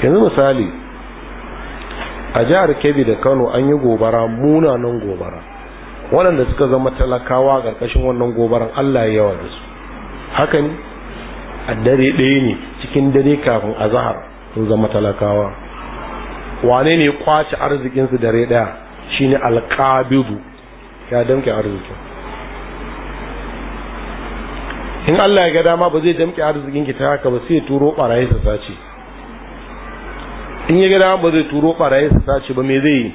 yanzu misali a jihar kebbi da kano an yi gobara munanan gobara waɗanda suka zama talakawa a ƙarƙashin wannan gobaran Allah ya yawa da su haka ne a dare ɗaya ne cikin dare kafin azahar sun zama talakawa wane ne kwace arzikinsu dare ɗaya shine alƙabidu ya damke arzikin in Allah ya ga dama ba zai damke arzikin ki ta haka ba sai turo barayi su sace in ya ga dama ba zai turo barayi su sace ba me zai yi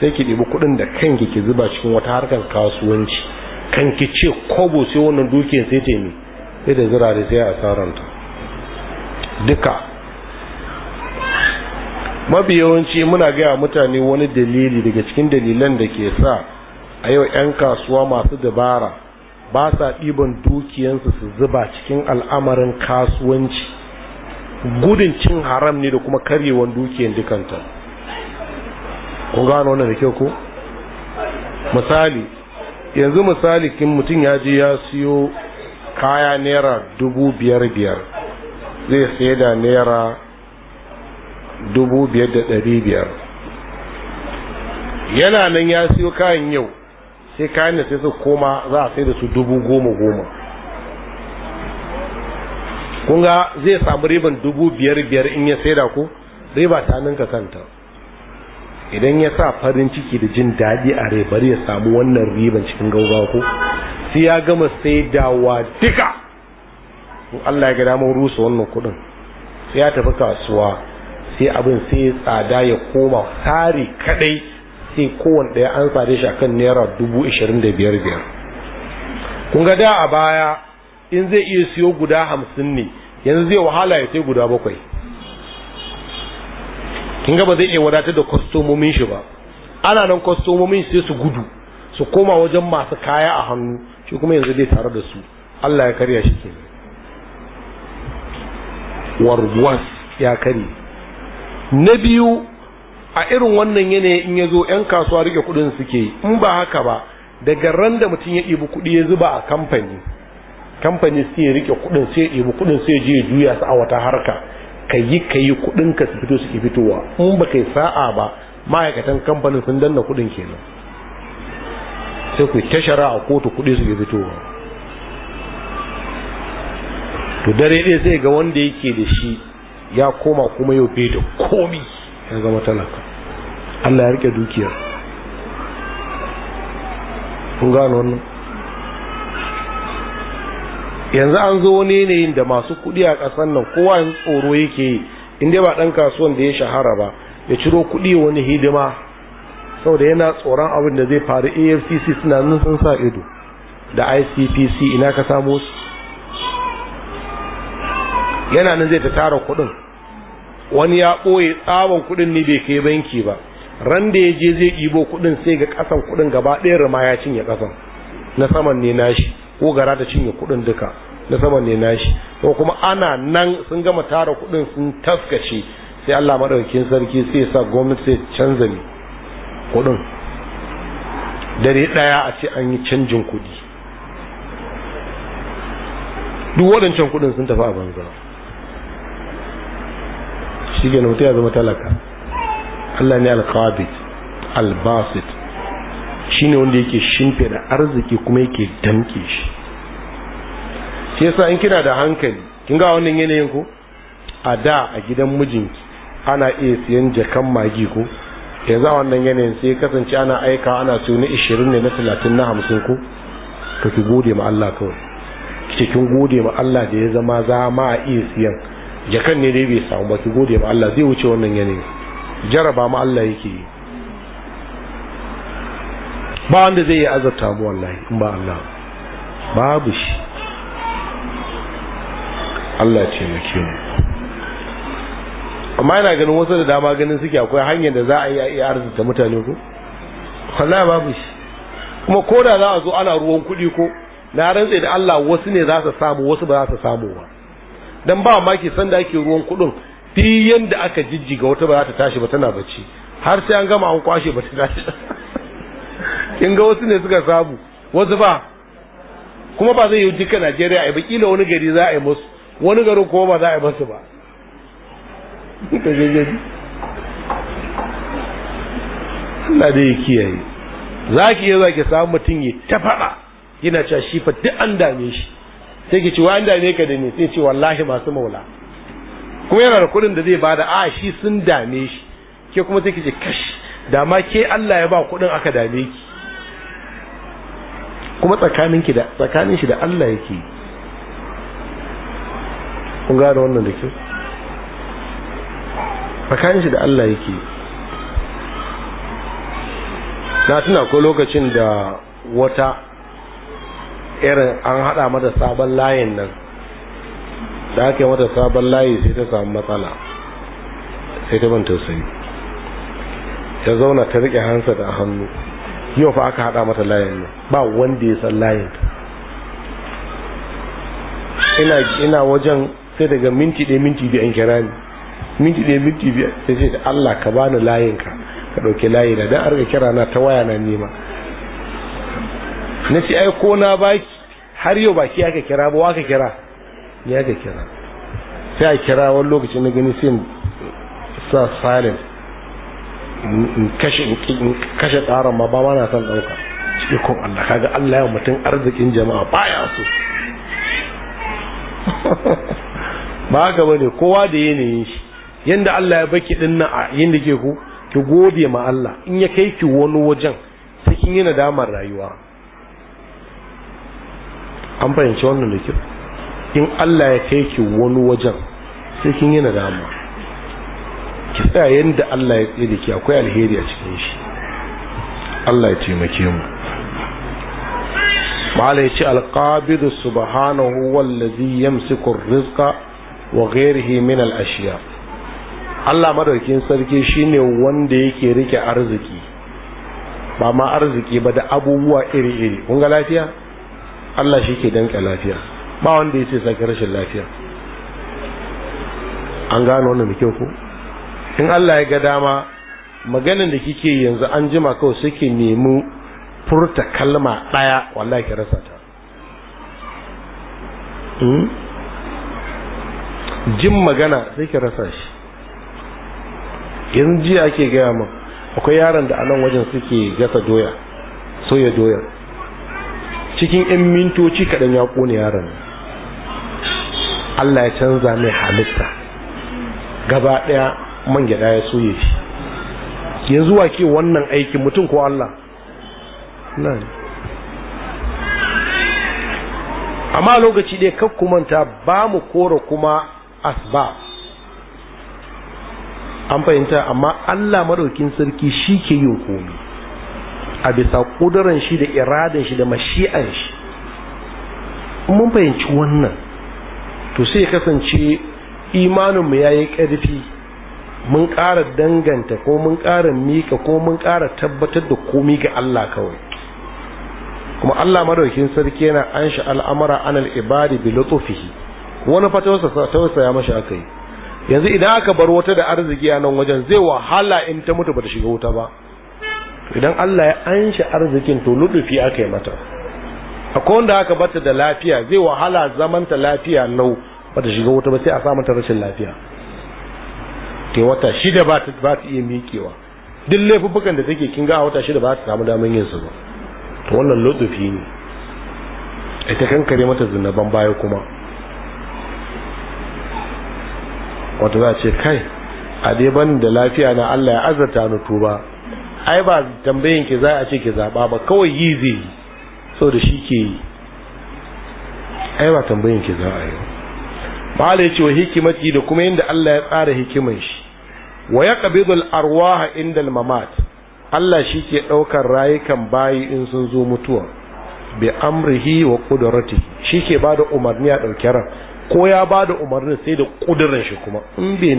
sai ki ɗibi kuɗin da kanki ki zuba cikin wata harkar kasuwanci kanki ce kobo sai wannan dukiyar sai ta yi sai da zirare sai a tsaranta duka mafi yawanci muna gaya mutane wani dalili daga cikin dalilan da ke sa a yau 'yan kasuwa masu dabara ba sa ɗiban dukiyansu su zuba cikin al'amarin kasuwanci gudun cin haram ne da kuma karyewan dukiyan dukanta kun gano wannan da kyau ko misali yanzu misali mutum ya je ya siyo kaya naira dubu biyar biyar zai sai da naira dubu biyar da ɗari biyar yana nan ya siyo kayan yau sai kayan da sai su koma za a sai da su dubu goma goma kunga zai samu ribar dubu biyar biyar in ya sai da ku riba ta ninka kanta idan ya sa farin ciki da jin daɗi a rai bari ya samu wannan riban cikin gaugawa ko sai ya gama sai dawa duka Allah ya ga damar rusa wannan kudin sai ya tafi kasuwa sai abin sai tsada ya koma tsari kadai sai kowane an tsare shi akan naira dubu ashirin da biyar biyar kun ga da a baya in zai iya siyo guda hamsin ne yanzu zai wahala ya sai guda bakwai kin ga ba zai iya wadatar da kwastomomin shi ba ana nan kwastomomin sai su gudu su koma wajen masu kaya a hannu shi kuma yanzu dai tare da su Allah ya karya shi ke warwas ya kari na biyu a irin wannan yanayi in ya zo 'yan kasuwa rike kudin suke in ba haka ba daga ran da mutum ya ibu kuɗi ya zuba a kamfani kamfani su ya rike kudin sai ya ibu kudin sai ya je ya juya su a wata harka ka yi ka yi kudin ka su fito suke fitowa in ba kai sa'a ba ma'aikatan kamfanin sun danna kudin kenan sai ku tashara a kotu kuɗi su fitowa to dare ɗaya zai ga wanda yake da shi ya koma kuma yau bai da komi ya zama talaka Allah ya rike dukiyar kun gano wannan yanzu an zo wani yanayin da masu kuɗi a ƙasar nan kowa yanzu tsoro yake yi in dai ba ɗan kasuwan da ya shahara ba ya ciro kuɗi wani hidima saboda yana tsoron abin da zai faru afcc suna nan sun sa ido da icpc ina ka samu su yana nan zai ta tara kuɗin wani ya ɓoye tsawon kuɗin ne bai kai banki ba ran da ya je zai ɗibo kuɗin sai ga kasan kuɗin gaba ɗaya rama ya cinye ƙasan na saman ne nashi ko gara ta cinye kuɗin duka na saman ne nashi ko kuma ana nan sun gama tara kuɗin sun taskace sai Allah maɗaukin sarki sai sa gwamnati sai canza ne kudin dare daya a ce an yi canjin kudi duk waɗancan kudin sun tafi a banza shi ke mutu ya zama talaka Allah ne alkabit albasit shi ne wanda yake shimfe da arziki kuma yake damke shi shi yasa in kina da hankali kin ga wannan yanayin ko a da a gidan mijinki ana iya siyan jakan magi ko yanzu a wannan yanayin sai kasance ana aika ana siyo na ishirin ne na talatin na hamsin ko ka ki gode ma Allah kawai cikin gode ma Allah da ya zama za ma a iya siyan jakan ne dai bai samu ba ki gode ma Allah zai wuce wannan yanayin jaraba ma Allah yake yi ba wanda zai yi azabta mu wallahi in ba Allah babu shi Allah ce mu amma ina ganin wasu da dama ganin suke akwai hanyar da za a yi a iya arzuta mutane ko wallahi babu shi kuma ko da za a zo ana ruwan kuɗi ko na rantse da Allah wasu ne za su samu wasu ba za su samu ba dan ba maki san da ake ruwan kuɗin fi yanda aka jijjiga wata ba za ta tashi ba tana bacci har sai an gama an kwashe ba ta tashi kin ga wasu ne suka samu wasu ba kuma ba zai yi duka Najeriya ai ba kila wani gari za a yi musu wani garin kuma ba za a yi musu ba ka gani Allah da ya kiyaye za ki yi za ki samu mutum ya ta faɗa yana cewa shi fa duk an dame shi sai ki ce wa an dame ka da ne sai ce wallahi masu maula kuma yana da kuɗin da zai bada a shi sun dame shi ke kuma sai ki ce kash da ma ke Allah ya ba kuɗin aka dame ki kuma tsakanin ki da tsakanin shi da Allah yake kun gane wannan da kyau tsakanin shi da Allah yake na tuna ko lokacin da wata irin an hada mata sabon layin nan da aka mata sabon layi sai ta samu matsala sai ta ban tausayi ta zauna ta rike hansa da hannu yau fa aka hada mata layin nan ba wanda ya san layin ina wajen sai daga minti ɗaya minti biyu an kira ni minti ɗaya minti biyar ya ce da Allah ka bani layinka ka ɗauki layi na dan arga kira na ta waya na nema na ce ai ko na baki har yau baki aka kira ba wa ka kira ni aka kira sai a kira wani lokacin na gani sai sa silent kashe tsarin ma ba mana son ɗauka cikin kun Allah kaga Allah ya mutum arzikin jama'a baya so ba haka bane kowa da yanayin shi yanda Allah ya baki din na a yadda ke ku ki gode ma Allah in ya kai ki wani wajen sai kin yi nadamar rayuwa an fahimci wannan da kyau in Allah ya kai ki wani wajen sai kin yi nadama ki tsaya yanda Allah ya tsaye da ke akwai alheri a cikin shi Allah ya taimake mu ma'ala ya ce alqabidu subhanahu wallazi yamsiku rizqa wa ghairihi min al-ashiya' Allah madaukin sarki shine wanda yake rike arziki ba ma arziki ba da abubuwa iri-iri kun ga lafiya Allah shi ke danka lafiya ba wanda ya ce rashin lafiya an gano wannan muke ku in Allah ya ga dama maganin da kike yanzu an jima kawai suke nemi furta kalma ɗaya wallahi ki rasa ta hmm? jin magana sai ki rasa shi yanzu jiya ake gaya min akwai yaron da anan wajen suke gasa doya soya doya cikin yan mintoci kaɗan ya ƙone yaron Allah ya canza mai halitta gaba ɗaya man gyaɗa ya soye shi yanzu wa ke wannan aikin mutum ko Allah nan amma lokaci ɗaya kakkumanta ba mu kora kuma asbab an fahimta amma Allah maɗaukin sarki shi ke yin komi a bisa kudurin shi da iradan shi da mashi'an shi mun fahimci wannan to sai ya kasance imanin mu yayi ƙarfi mun ƙara danganta ko mun ƙara mika ko mun ƙara tabbatar da komi ga Allah kawai kuma Allah maɗaukin sarki yana anshi al'amara anal ibadi bi lutfihi wani wasa tausaya mashi yi yanzu idan aka bar wata da arziki a nan wajen zai wahala in ta mutu bata shiga wuta ba idan Allah ya anshi arzikin to ludufi aka yi mata akwai wanda aka bata da lafiya zai wahala zaman ta lafiya nau bata shiga wuta ba sai a samun ta rashin lafiya ke wata shida ba ta ba ta iya miƙewa duk laifukan da take kin ga a wata shida ba ta samu damar yin su ba to wannan lulufi ne ita kankare mata zinaban baya kuma wato za a ce kai a dai ban da lafiya na Allah ya azarta ni tuba ai ba tambayin ki za a ce ki zaba ba kawai yi zai so da shi ke yi ai ba tambayin ki za a yi ba ya ce wa hikimati da kuma yadda Allah ya tsara hikimin shi wa ya arwa arwaha inda mamat Allah shi ke ɗaukar rayukan bayi in sun zo mutuwa bi amrihi wa qudratihi shi ke da umarni a ɗauki ran ko ya ba da umarnin sai da kudurin shi kuma in bai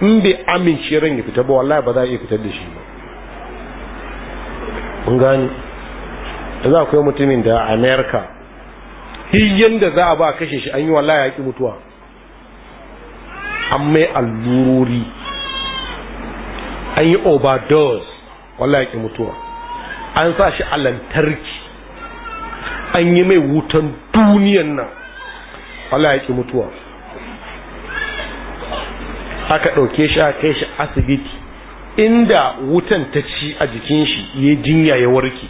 in bai amince ran ya fita ba wallahi ba za a iya fitar da shi ba mun gani da za akwai mutumin da america hiyyen da za a ba kashe shi an yi wallahi ya mutuwa an mai allurori an yi overdose wallahi ya mutuwa an sa shi a lantarki an yi mai wutan duniyan nan Allah ya ki mutuwa aka ɗauke shi aka kai shi asibiti inda wutan ta ci a jikin shi ya jinya ya warke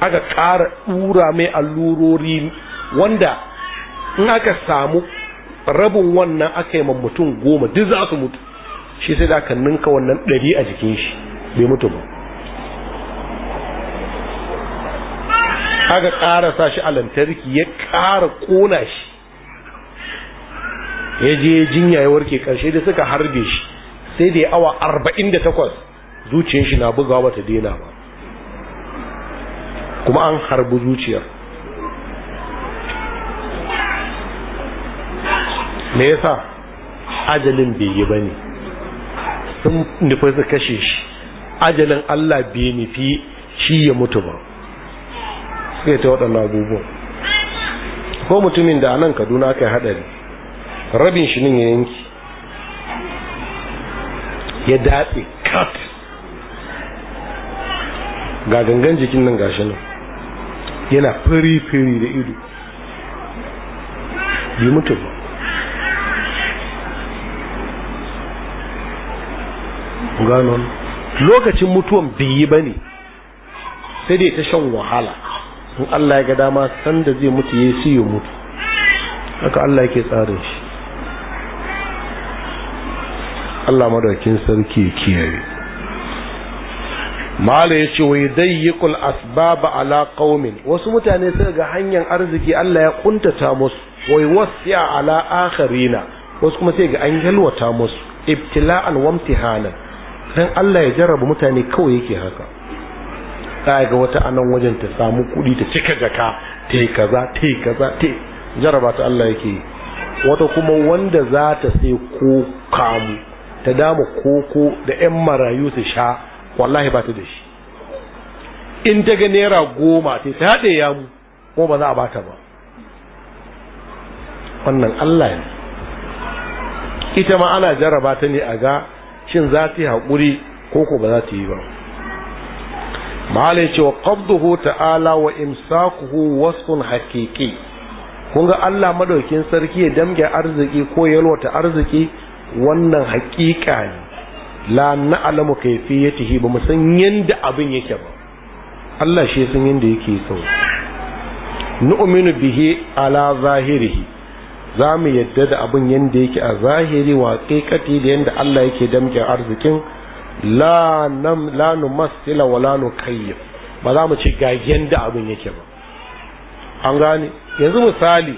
aka ƙara ɗura mai allurori wanda in aka samu rabin wannan aka yi mutum goma duk za su mutu shi sai da aka ninka wannan ɗari a jikin shi bai mutu ba aka ƙara sa shi a lantarki ya ƙara ƙona shi ya je jinya ya warke karshe da suka harbe shi sai da awa arba'in da takwas zuciyar shi na bugawa bata daina ba kuma an harbi zuciyar me yasa ajalin bai yi bane sun nufi su kashe shi ajalin Allah bai nufi shi ya mutu ba sai ta waɗannan abubuwan ko mutumin da anan Kaduna aka haɗari rabin shi nin ya yanki ya daɗe kat ga gangan jikin nan gashi nan yana fari-fari da ido yi mutu ba ganon lokacin mutuwan yi ba ne sai dai ta shan wahala in Allah ya ga dama sanda zai mutu ya siyo mutu haka Allah yake tsarin shi Allah madaukin sarki kiyaye mala yace wa yadayyiqul asbab ala qaumin wasu mutane suka ga hanyar arziki Allah ya kuntata musu wa ya ala akharina wasu kuma sai ga an yalwata musu ibtila'an wa imtihanan dan Allah ya jarraba mutane kawai yake haka ta ga wata anan wajen ta samu kudi ta cika jaka ta yi kaza ta yi kaza ta jarraba ta Allah yake wata kuma wanda za ta sai ko kamu ta dama koko da 'yan marayu su sha wallahi ba ta da shi in ta ga naira goma sai ta haɗe ya mu ko ba za a bata ba wannan Allah ne ita ma ana jarraba ta ne a ga shin za ta yi haƙuri koko ba za ta yi ba malai cewa qabduhu ta'ala wa imsakuhu wasfun hakiki. kun ga Allah maɗaukin sarki ya damge arziki ko yalwata arziki wannan haƙiƙa ne la na'lamu kayfiyatihi ba mu san yadda abin yake ba Allah shi sun yadda yake sau nu'minu bihi ala zahirihi za mu yadda da abin yadda yake a zahiri wa haƙiƙati da yadda Allah yake damke arzikin la nam la numassila wa la nukayyif ba za mu ci ga da abin yake ba an gane yanzu misali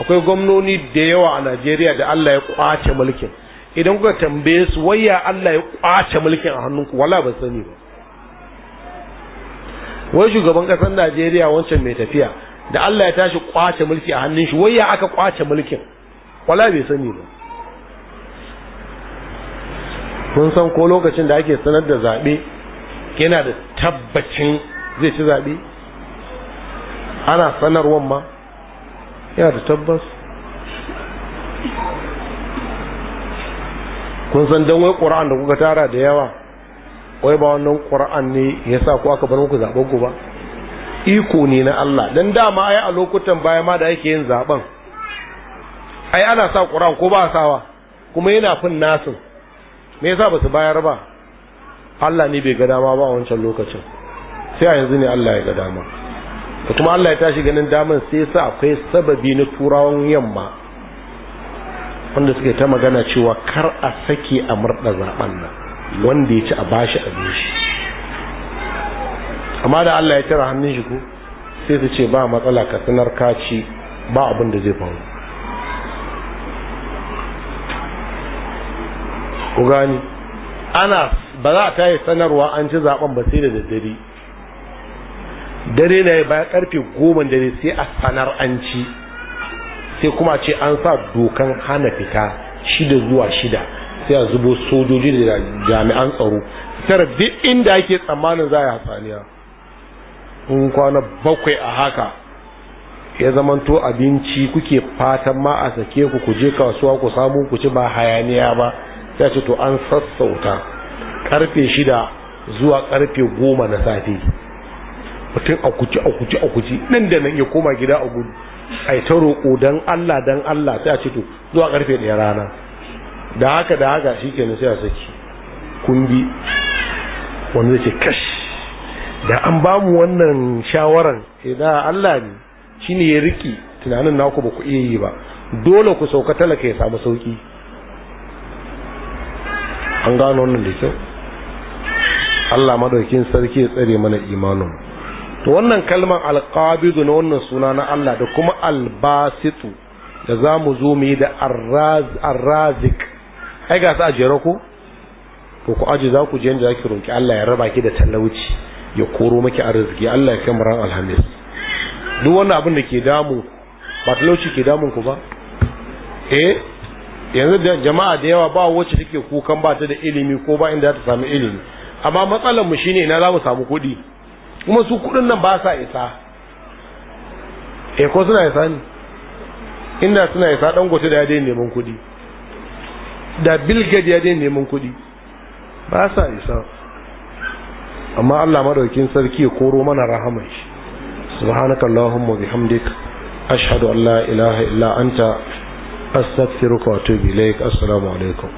akwai gwamnoni da yawa a najeriya da allah ya kwace mulkin idan kuka tambaye su waya allah ya kwace mulkin a hannunku wala ba sani ba wai shugaban kasar najeriya wancan mai tafiya da allah ya tashi kwace mulki a hannun shi waya aka kwace mulkin wala bai sani ba kun san ko lokacin da ake sanar da zaɓe yana da tabbacin zai ci zaɓe ana sanarwar ma yana da tabbas kun san don wai ƙura'an da kuka tara da yawa wai ba wannan ƙura'an ne ya sa ku aka bar muku zaɓen ku ba iko ne na Allah don dama ai a lokutan baya ma da yake yin zaɓen ai ana sa ƙura'an ko ba sawa kuma yana fin nasin me yasa ba su bayar ba Allah ne bai ga dama ba a wancan lokacin sai a yanzu ne Allah ya ga dama da kuma Allah ya tashi ganin daman sai yasa akwai sababi na turawan yamma wanda suke ta magana cewa kar a sake a murda zaben nan wanda ya ci a bashi a shi amma da Allah ya tara hannun shi ko sai su ce ba matsala ka sanar kaci ba abin da zai faru ku gani ana ba za ta yi sanarwa an ci zaben ba sai da daddare dare na baya karfe goma dare sai a sanar an ci sai kuma ce an sa dokan hana fita shida zuwa shida sai a zubo sojoji da jami'an tsaro tara duk inda ake tsammanin za a yi hasaniya in kwana bakwai a haka ya zamanto abinci kuke fatan ma a sake ku ku je kasuwa ku samu ku ci ba hayaniya ba sai ce to an sassauta karfe shida zuwa karfe goma na safe mutum a kuci a kuci a kuci nan da nan ya koma gida a gudu a yi ta roƙo don Allah don Allah sai a ce to zuwa karfe ɗaya rana da haka da haka shi kenan sai a saki kundi wanda zai ce kash da an ba mu wannan shawaran idan eh, Allah ne shi ne ya riki tunanin naku ba ku iya yi ba dole ku sauka talaka ya samu sauki an gano wannan da kyau Allah madaukin sarki ya tsare mana imanin mu to wannan kalman alqabidu na wannan suna na Allah da kuma albasitu da za mu zo mu yi da arrazik ai ga su a ku to ku aji za ku je inda zaki roki Allah ya raba ki da talauci ya koro maki arziki Allah ya kai muran alhamis duk wannan abin da ke damu ba talauci ke damun ku ba eh yanzu da jama'a da yawa ba wacce take kukan ba ta da ilimi ko ba inda ta samu ilimi amma matsalar mu shine ina za mu samu kuɗi kuma su kudin nan ba sa isa eh ko suna isa ne inda suna isa dan gote da ya daina neman kudi da bilgade ya daina neman kudi ba sa isa amma Allah madaukin sarki ya koro mana rahaman shi subhanakallahumma bihamdika ashhadu an la ilaha illa anta astaghfiruka wa atubu ilaik assalamu alaikum